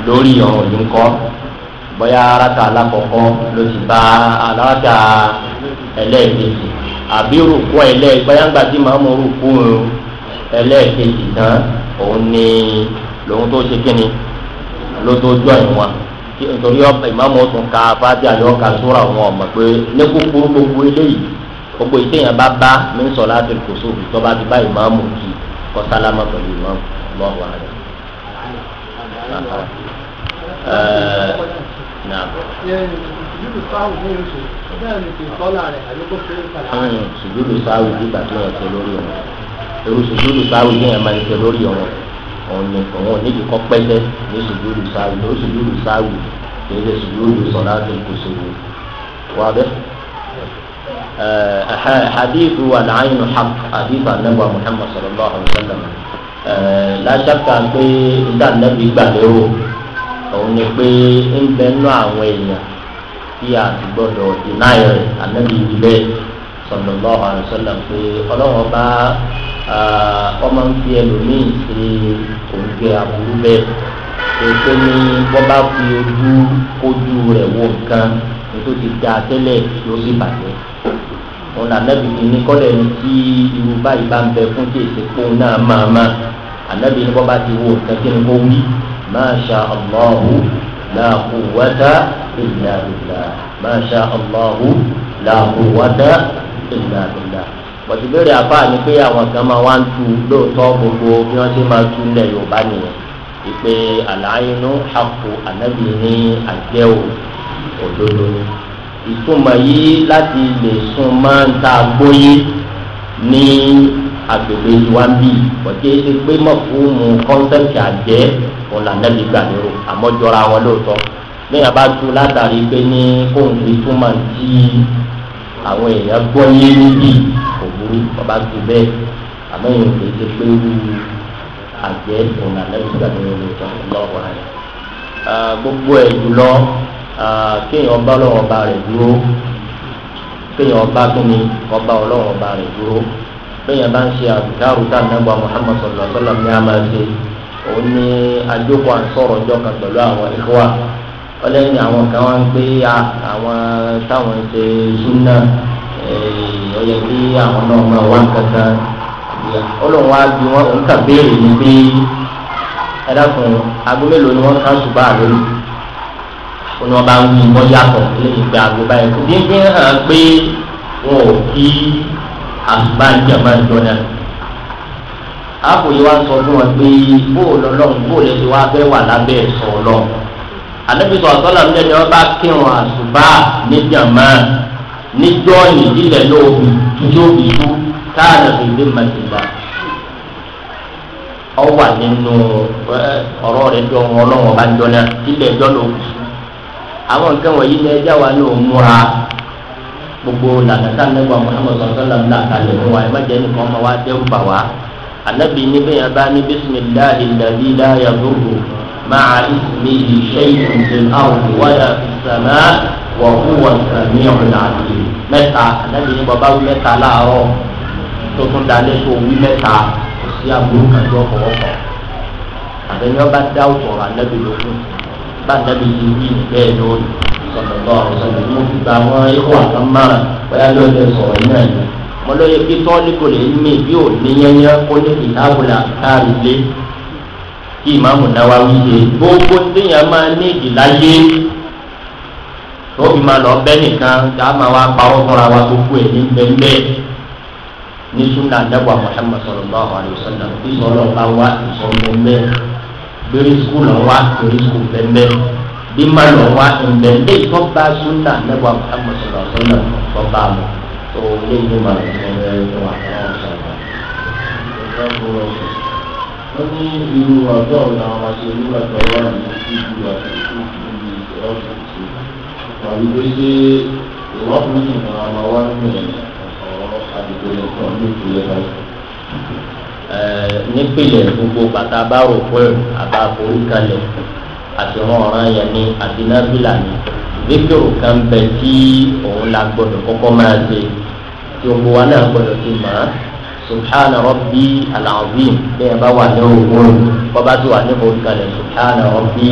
lórí ọ̀rùn yìí kọ́ bóyá aráta alákọ̀ọ́kọ́ ló ti bá aráta ẹlẹ́ẹ̀kejì àbí rúkú ẹlẹ́ẹ̀ tí màmú rúkú ẹlẹ́ẹ̀kejì tán òun ni lòun tó ṣe kíni ló tó jọ ìwọ̀n nítorí ka fájà lọ́ọ́ ka sóra ọ̀mọ̀ pé ní kúkúrú gbogbo eléyìí. gbogbo ìdéyàn bá bá mi ń sọ̀rọ̀ àti kòsó ìjọba ti bá ìmáàmù kì kọ́ sálámà pẹ̀lú ìmáàmù lọ́wọ́ wa rẹ̀. sùdúrù sáwù nígbà tí wọ́n ṣe lórí ọ̀run èrò sùdúrù sáwù ní ẹ̀ máa ṣe lórí ọ̀run ọ̀nà ọ̀wọ́n níbi kọ́ pẹ́lẹ́ ní sùdúrù sáwù ní sùdúrù sáwù kì í ṣe sùdúrù sọ̀rọ̀ àti kòsó wa bẹ́ẹ̀. حديث والعين حق حديث النبي محمد صلى الله عليه وسلم لا شك pé níta nẹ́bí gbà lérò òun ni pé ń bẹ nú àwọn èèyàn tí a ti gbọdọ̀ dìnáyà rẹ̀ ànẹ́bí ilé sọ̀rọ̀ lọ́wọ́ àrùn sọ́lá pé ọlọ́wọ́n bá ọmọ ń fi ẹlòmíì ṣe oúnjẹ àbúrú bẹ́ẹ̀ pé pé ní bọ́ bá fi ojú kojú rẹ̀ wọ nǹkan tó ti da tẹ́lẹ̀ yóò sì bàjẹ́ òun ànábì ti ní kọ́lẹ̀ ní tí irú báyìí bá ń bẹ fún tí èsì kó náà máa ma ànábì ní bọ́ba ti wo nǹkan kí ni kó wí máṣá ọlọ́hu làkú wáta ìlà ìlà máṣá ọlọ́hu làkú wáta ìlà ìlà bọ̀dùbẹ́rẹ̀ àbá ni pé àwọn kan máa wá ń tu lóòótọ́ gbogbo bí wọ́n ṣe máa tu ilẹ̀ yorùbá nìyẹn ìpè àlàyénú àpò ànábì ní àjẹ́ o òdodo ni ìtumọ̀ yìí láti lè sun máa ń ta gbóyé ní agbègbè ìwádìí ọ̀jẹ́ ṣe pé mọ̀fóònù kọ́ńtẹ́ǹtì àjẹ́ òun làǹdẹ́bí gbà lérò àmọ́jọra wọn lóòótọ́ lẹ́yìn abá tu látàrí pé ní kóun fi túmọ̀ tí àwọn èèyàn gbọ́ níbí kò burú ọba tu bẹ́ẹ̀ àmọ́ èèyàn kò ṣe pé wúwo àjẹ́ ọ̀nà lẹ́gbẹ̀ẹ́ ìgbà lọ́wọ́ rẹ̀ gbogbo ẹ̀ jùlọ kéèyàn bá ọlọ́wọ́ ọba rẹ̀ dúró kéèyàn ọba kíni ọba ọlọ́wọ́ ọba rẹ̀ dúró kéèyàn bá ń ṣe àbùkárù tá nàgbà muhammed sọlọ sọlọ ní a máa ṣe òun ní adjókòó àǹsọ̀rọ̀ ọjọ́ kan pẹ̀lú àwọn ìfọ́wà ọlẹ́yìn àwọn kan wá ń gbé àwọn táwọn ṣe súnà ọ̀yẹ́ kí àwọn náà máa wá kankan. olóhùn wa bí wọn òun kàn béèrè ní pé ẹ aago mélòó ni wọn ọba ń wí wọn yàtọ̀ lẹ́yìn pé aago báyìí kò dín fi hàn pé wọn ò kí àṣùbà ìjàmbá náà àpò yìí wá sọ fún wọn pé bóòlù wá wà ọba àṣùbà níjọ́ lóògùn yóò káàdì ìlú màtìlá ọwà nínú ọ̀rọ̀ rẹ̀ jọ wọn ọlọ́wọ́n bá jọ náà ilẹ̀ ló kù àwọn nǹkan wọ̀nyí ni ẹjẹ́ wa ló múra gbogbo làkàtà nígbà muhammadu sallam làkàlẹ̀ fún wa ẹ má jẹ́ nìkan ọmọ wa dẹ́rù bà wá anabi ní bẹ́ẹ̀ yẹn bá ní bisimilahi ladi láyà lóru máa ní iṣẹ́ ìṣẹ̀lẹ̀ àwọn wáyà sàmà wà hùwà sàmì ọ̀nà àti mẹ́ta anabi ní bàbá mẹ́ta láàárọ̀ tó tún dalẹ̀ tó wí mẹ́ta kò sí àbúrò kan tó ọkọ̀ ọkọ̀ àbẹ̀ni ọba dá ọ̀tọ̀ ànábì lókun bá ànábì yìí wí bẹ́ẹ̀ lórí sọ̀tọ̀tọ̀ ọ̀sọ̀tọ̀ mo fi gba àwọn ikọ̀ àkànmáràn bóyá ló lè sọ̀rọ̀ náà ni mo lóye pé tọ́lí kò lè mí bí ò ní yẹnyẹ kó ní ìdáàbòlà káàrí lé kí ìmáàmù náà wá wíyé gbogbo téèyàn máa ní ìdìláyé tó máa lọ bẹ́ẹ̀ nìkan dáa máa pa ọ́ fúnra wa gbogbo ẹ̀ ní bẹ́ẹ̀ bẹ́ẹ̀ ní sunna anabu muhammad sallallahu alayhi wa sallam ìsọlọ bá wa ìsọlọ mẹ bẹrẹ sukù lọ wa bẹrẹ sukù bẹmẹ bí ma lọ wa ẹmẹ ní ìtọ́ba sunna anabu muhammad sallallahu alayhi wa sallam ìtọ́ba mu tó lé ní ma lọ sọlọ ẹ wà lọ sọlọ. wọ́n ní irú ọjọ́ làwọn aṣọ nígbà tó wà ní ibi àti ìkókò ní ìrọ́pù tó wà wípé ṣé ìrọ́pù nìkan àwọn wa nínú ẹ̀yà ìpele kan ní ìpele kan. nípìnlẹ̀ gbogbo bàtà bá rò pé àbá forí kalẹ̀ àti ọ̀ràn yẹn ni àti nábìlà ni ìdíkòrò kan bẹ tí òun la gbọdọ̀ kọ́kọ́ máa ṣe tí gbogbo wa náà gbọdọ̀ ti mọ̀ á subhana rabbi alaazim bẹ́ẹ̀ bá wà ní òwúrò bọ́ bá wà ní forí kalẹ̀ subhana rabbi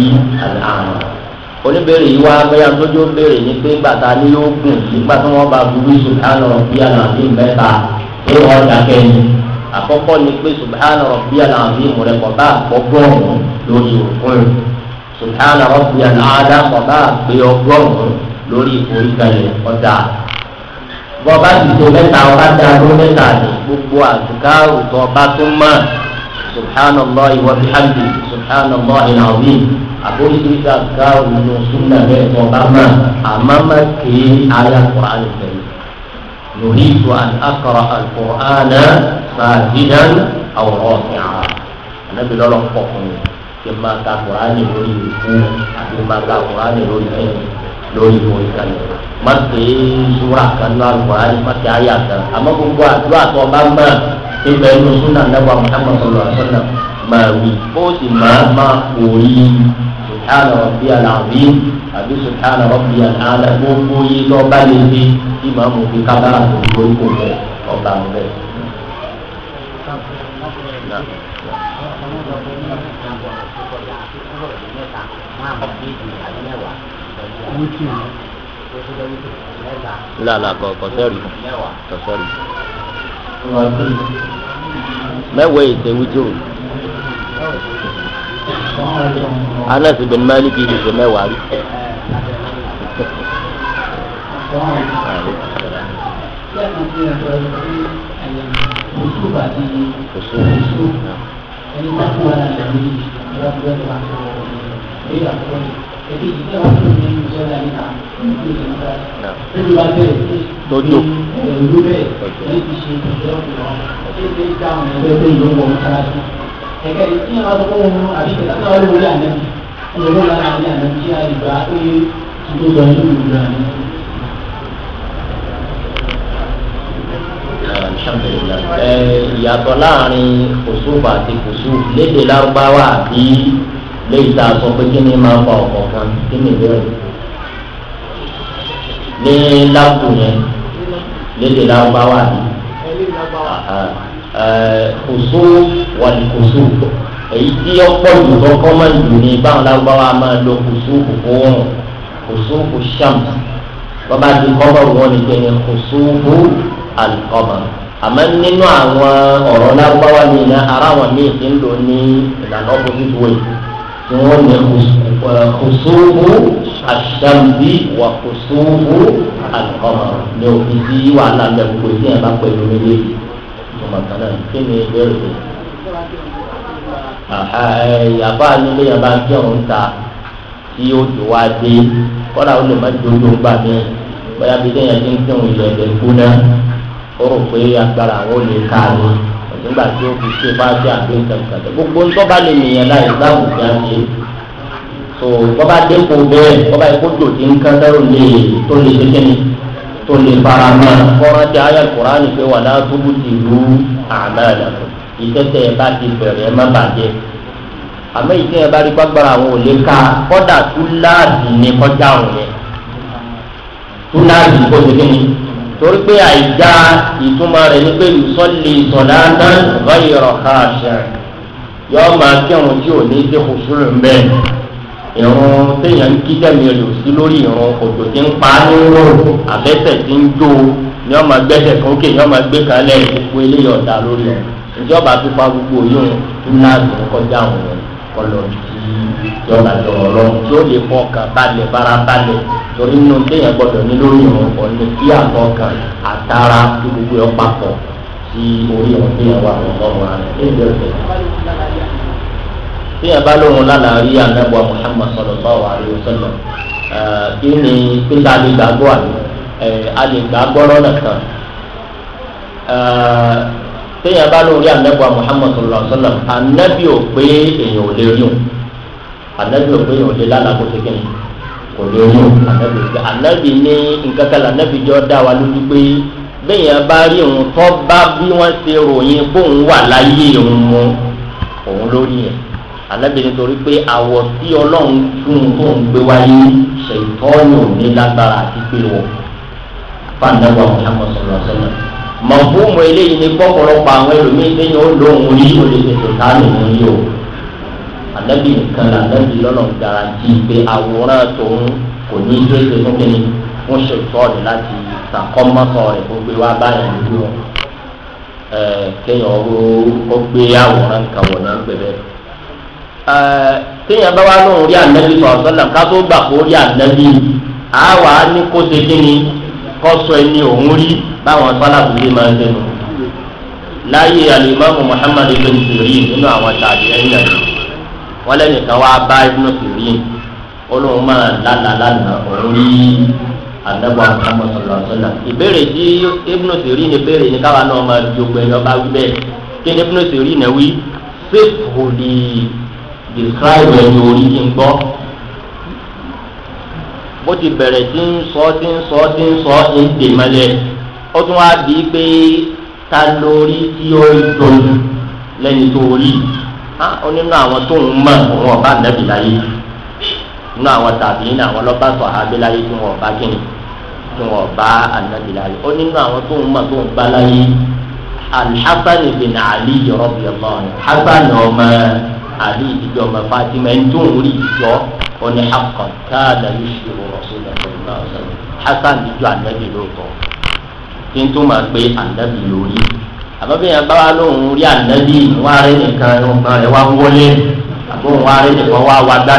alaazim oníbèrè yìí wá bẹ́yà tójú ó bèrè ní pé bàtà ni yóò gùn nígbà tí wọ́n bá burú subhánà rọ̀bí àlàáfí mẹ́ta ní ọjà kẹ́yìn àkọ́kọ́ ni pé subhánà rọ̀bí àlàáfí mọ̀rẹ́ kọ̀bá ọgọ́rùn-ún lórí òkun subhánà rọ̀bí àlàáda kọ̀bá pé ọgọ́rùn-ún lórí ìforíkalẹ̀ ọjà. bọ́ba ti tó mẹ́ta ọba dá ló mẹ́ta ní gbogbo àtúkárù tó ọba tó mọ̀ subhánà lọ́ àbóríṣiríṣi àga ònà súnà bẹ́ẹ̀ tó bá mà àmọ́ má ké ayé àkùrọ̀ àlùfẹ́lẹ́ lórí ìtò àkàrọ̀ àlùfọ̀ àná sàdínà àwòrán ọ̀sìn àrà ànábì lọ́lọ́ fọkùnrin kí n máa ka kùránì lórí ìkú àti máa ka kùránì lórí ẹ̀yìn lórí ìkórè kalẹ̀ má ké sùúrà kan náà má ké ayé àkàn àmọ́ gbogbo àdúrà tó bá mà ibẹ̀ inú súnà nàbà mùsàmùsọ̀lọ̀ àṣọ náà máa wí ó sì máa máa kórìí subhana rabbi alaazim àbí subhana rabbi alaala gbogbo yìí lọ́ba lè fi ìmáàmù fi kábàrà tó lórí kò fẹ́ ọba rẹ̀. lala kọ kọsẹri kọsẹri mẹwẹ ìtẹwéjò. Anas bin Malik yìí ṣe mẹ́wàá rí. Tójú. Tójú ẹ̀kẹ́ yìí kí wọ́n tó wọn àbí ìtàkùn àwọn olórí ànábi olórí lára àbí ànábi tí a ìgbà pé tuntun sọ ní ìlú rẹ̀ ní. ìyàtọ̀ láàrin kòsóòfù àti kòsóòfù léde lárúbáwá àbí léyìí tá a sọ pé kí ni máa fa ọ̀kọ̀ọ̀kan kí ni ìbéèrè ní láàbù yẹn léde lárúbáwá àbí kòsó wà ní kòsó èyí tí ọ̀pọ̀ ìlúkọ kọmọ ìlú ni báwọn lágbára máa lọ kòsó kòkó wọn kòsó kò sàm bàbá àti kọmọ wọn ni pé kòsó kò àlùkọmọ àmọ́ nínú àwọn ọ̀rọ̀ lágbára mi náà ara àwọn míì ti ń lò ní ìlànà opposite way tí wọ́n ní kòsó kò àṣàmì wà kòsó kò àlùkọmọ ní òfin tí wàhálà mẹ́kúrò tí yẹn bá pẹ̀lú mi léyìí ọmọ kan náà kí ni ìbéèrè rẹ. àbá nílé yẹn bá ń jẹ́ òun ta tí ó ti wá dé kọ́dà ó lè má dojú gbà mí bóyá bí lẹ́yìn ẹni tí òun yẹ lè kú náà ó rò pé agbára àwọn olè ká ni nígbà tí ó fi ṣe bá ṣe àgbé kàkàtà gbogbo ń tọ́ba lè nìyẹn láì sáwù kí á ṣe so bọ́ba dépò bẹ́ẹ̀ bọ́ba ikú tòtí ń kán sẹ́rù lè tó lè ṣe kí tó lè fara mọ́ kọ́ran tí ayé alukur'an pé wà látúbù ti lu àmàlà ìtẹ́tẹ́ ẹ bá ti bẹ̀rẹ̀ ẹ má bàjẹ́ àmọ́ ìtẹ́ ẹ bá rí gbàgbára àwọn ò lè ka kọ́dà túláàdì ní kọjá òun yẹn túláàdì kó tètè ní torí pé àìjá ìtumọ̀ rẹ̀ ní pé ìsọ̀lì ìsọ̀lá náà rọ̀ káàṣẹ yọ máa kírun tí ò ní í dé kùsùrù mbẹ́ẹ̀ ìrún téèyàn ń kí dẹ́mi rẹ̀ sí lórí ìrún òjò tí ń pa á ní rò àbẹ́sẹ̀ tí ń jó ni wọ́n máa gbẹ́sẹ̀ kan ókè ni wọ́n máa gbé kan lẹ̀ gbogbo eléyìí ọ̀dà lórí rẹ̀ ìjọba tó fa gbogbo yóò ńlá àgbọ̀n kọjá àwọn kọlọ̀ ìjọba jọ̀rọ̀ lọ tí ó lè fọkàn balẹ̀ bára balẹ̀ torí nínú téèyàn gbọ́dọ̀ ní lórí ìrún ọ̀nà kí àtọkàn àtara gbogbo ọ̀ papọ̀ sí orí ọ̀gbìn àwọn àwọn ọmọ rẹ̀ tí yẹn bá lóhun lánàá rí anábọ̀ muhammad sallallahu alayhi wa sallam kí ni pété alìgbàgbọ́ àná alìgbàgbọ́ lọ́nà kan tí yẹn bá lóhun rí anábọ̀ muhammad sallallahu alayhi wa sallam anábì ò pé èèyàn ò lè rí o anábì ò pé èèyàn ò lè lánàá kó ṣe kí ni kò lè rí o anábì ò pé anábì ní nǹkan kan anábì jọ dá wa lójú pé bẹ́ẹ̀ yẹn bá rí òun tọ́ bá bí wọ́n ṣe ròyìn bóun wà láyé òun mu òun lórí yẹn alábìnrin torí pé àwọ̀ tí ọlọ́run fún un tó ń gbé wáyé ṣètọ́nù ní lágbára àti pé wọ̀ fàǹdàgbà muhammed sọlọ sọlọ mọ̀fúnmù eléyìí ni pọ́pọ̀lọpọ̀ àwọn ẹlòmíín tẹ́yìn ó lóun rí olùsètò tánù ń yò ànábì nìkan lànábì lọ́nà garanti pé àwòrán tòun kò ní í ṣeéṣe fún kínní fún ṣètọ́nù láti ṣàkọ́mọ́sọ rẹ̀ kó gbé wá báyìí nínú kéèyàn ó gbé àwòrán kan wọ̀ ní ẹgbẹ́ kéèyàn bá wá lóun rí ànábì sọ̀rọ̀ sọ́nà ká tó gbà kó rí ànábì á wà á ní kó ṣe kí ni kó sọ ẹni òun rí báwọn sọ́làbùlé máa ń dẹnu. láyé alimami muhammad ibn sirin nínú àwọn tàbí ẹ̀yìn àti wọn lẹ́nìkan wá bá ibn sirin olóhùn máa lálàlánà òun rí ànábì muhammad sọ̀rọ̀ sọ́nà. ìbéèrè tí ibn sirin ní béèrè ní káwa náà máa di ogun ẹni ọba wí bẹ́ẹ̀ kí ibn sirin náà wí fífòlì describe ẹni orí ti ń gbọ́ bó ti bẹ̀rẹ̀ tí ń sọ tí ń sọ tí ń sọ ń dè mọ́lẹ̀ ó tún wá bíi pé ta lórí tí ó ń dọ̀nù lẹ́ni tó rí ó nínú àwọn tó ń mọ̀ òun ọ̀bá nàbì láyé nínú àwọn tàbí nínú àwọn lọ́ba sọ̀ abẹ́ láyé tí wọ́n ọ̀bá kíni tí wọ́n ọ̀bá ànábì láyé ó nínú àwọn tó ń mọ̀ tó ń bá láyé alhassan ibn ali yorùbá Hassan ọmọ àbí ìdíjọ ọmọ fatima ẹni tó ń rí ìjọ ọni hakan káàdà yóò ṣe ọrọ sódà pẹlú náà sọrọ hasan ìjọ anabi lóòótọ kí n tó máa pé anabi lórí àbábẹ́ yẹn bá wà lóhùn rí anabi wọn arẹ nìkan ọgbọn rẹ wá ń wọlé àbó wọn arẹ nìkan wá wá gbádá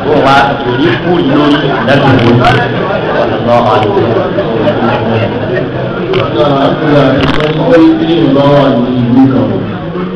àbó wọn òní kúrì lórí anabi wọlé ọlọ àlọ. Ọ̀sán àti àìsàn ọ̀rẹ́ ìlú lọ́wọ́ ní ìlú kan.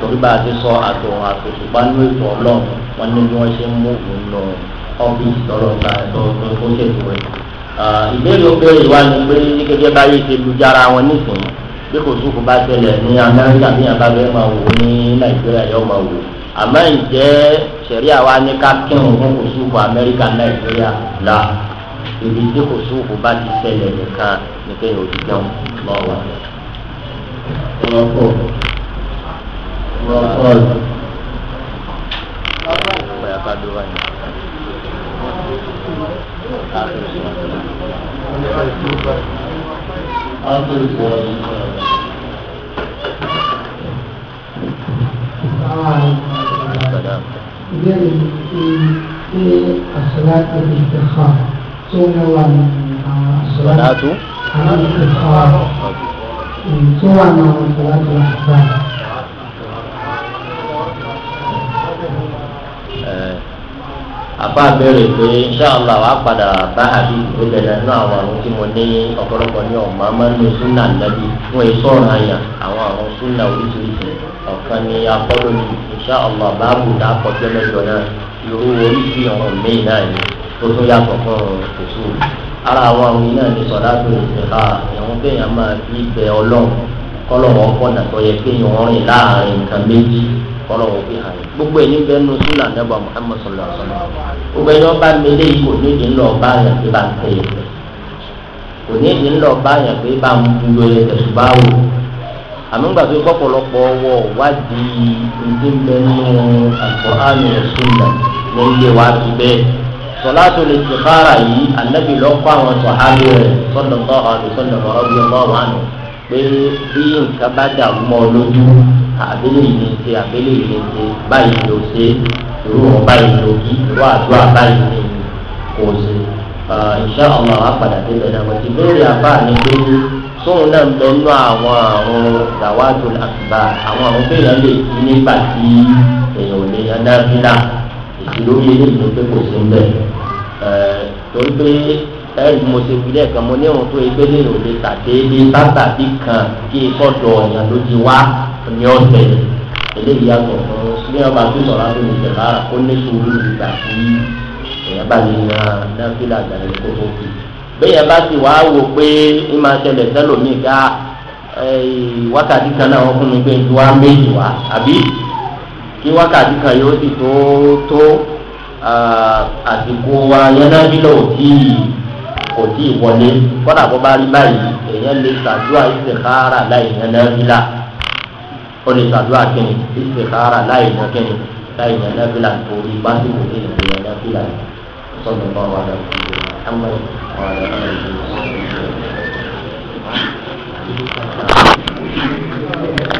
torí bá a ti sọ àtòun àtòṣùpá ní ètò ọlọ́run wọn ní bí wọ́n ṣe ń mú òun lọ ọ́fíìsì tọ́lọ́ ta ẹ̀tọ́ tó ṣètò rẹ̀. ìbéèrè obìnrin wa ni pé gẹ́gẹ́ báyé ṣe lu jára wọn nísìnyí bí kò sóko bá ṣẹlẹ̀ ní amẹ́ríkà bí àbábẹ́ máa wò ní nàìjíríà yóò máa wò àmọ́ ìjẹ́ sẹ̀rí àwa ní ká kírun fún kò sóko amẹ́ríkà nàìjíríà la ibi tí kò sóko bá ti ṣẹlẹ̀ nìkan ní kéèyàn òjì وبركاته آخر سؤال السلام الصلاة الاستخارة سورة الصلاة الاستخارة سورة الصلاة الاستخارة afa abẹ́rẹ́ pé inṣàlá wàá padà bá àbí ìgbésẹ̀ nínú àwọn àwọn tí mo ní ọ̀pọ̀lọpọ̀ ní ọ̀mọ́ amánú súnà nàbí fún èso ọ̀ràn àyàn àwọn àwọn súnà oríṣiríṣi ọ̀kan ní akọ́lọ́ ní inṣàlá báàbù tá a kọjọ́ mẹ́jọ náà irú oríṣi ọ̀ràn míì náà ni tó tún yàtọ̀ fún òṣù ara àwọn àwọn iná ní sọ̀dá tó lè ìwọ̀n kéèyàn kọ́nà wò fi hàn yín gbogbo ẹ̀yin bẹ́ẹ̀ nu sílẹ̀ àdẹ́bà muhammed sọlọ sọlọ gbogbo ẹ̀yin ọba mi lé yìí kò ní ìdí ńlọ ọba yẹn pé bá ń tẹ̀ yẹn kò ní ìdí ńlọ ọba yẹn pé bá ń bu ẹ̀sùn bá wò àmúgbà tó kọ́pọ̀lọpọ̀ wọ wádìí ìdí mẹ́nu àkọ́hánù ẹ̀sùnà ló ń yé wa àbẹ́lẹ̀ yìí ló ṣe àbẹ́lẹ̀ yìí ló ṣe báyìí ló ṣe irú wọn báyìí ló kí irú àdúrà báyìí ni kò ṣe. ìṣe ọmọ àwọn apàdà tó bẹ̀rẹ̀ àwọn ti bẹ́ẹ̀rẹ̀ àbá mi pé sóun náà ń bẹ nú àwọn àrùn dàwátò àkùbà àwọn àrùn bẹ́ẹ̀rẹ̀ lè kí nígbà tí èèyàn lè yan náà ìṣèlú yìí ló ṣe kò ṣe ń bẹ̀ torí pé ẹ̀rí mo ti wí lẹ́ẹ̀kan mo ní ohun tó ẹgbẹ́ lè rò lè tàdéédé sábàbí kan kí kọ́dọ̀ ọ̀yàn ló ti wá ní ọ̀sẹ̀ eléyìí yàtọ̀ fún bí wọ́n bá tún sọ̀rọ̀ àti ìjẹ̀ lára kó ní sùúrù nígbà tí èèyàn bá lè yan náfìlà àgbàlẹ̀ kó tó fi. béèyàn bá sì wá wò pé ń máa ṣẹlẹ̀ sẹ́lòmíì ká ah, wákàtí kan náà wọ́n fún mi pé ju wá méjì wá àbí kí wákàtí kan yóò sì tó tó ah, àsìkò wa yẹn náà kò tí ì wọlé kọ́dà bó bá rí báyìí èèyàn lè ṣàdúrà ìṣèkára láì yan náfìlà ó lè ṣàdúrà kẹ́ni ìṣèkára láì yan kẹ́ni láì yan náfìlà torí básìkò lè yan náfìlà sọ́nà bá wà lọ́wọ́ àmọ́ wà lọ́wọ́.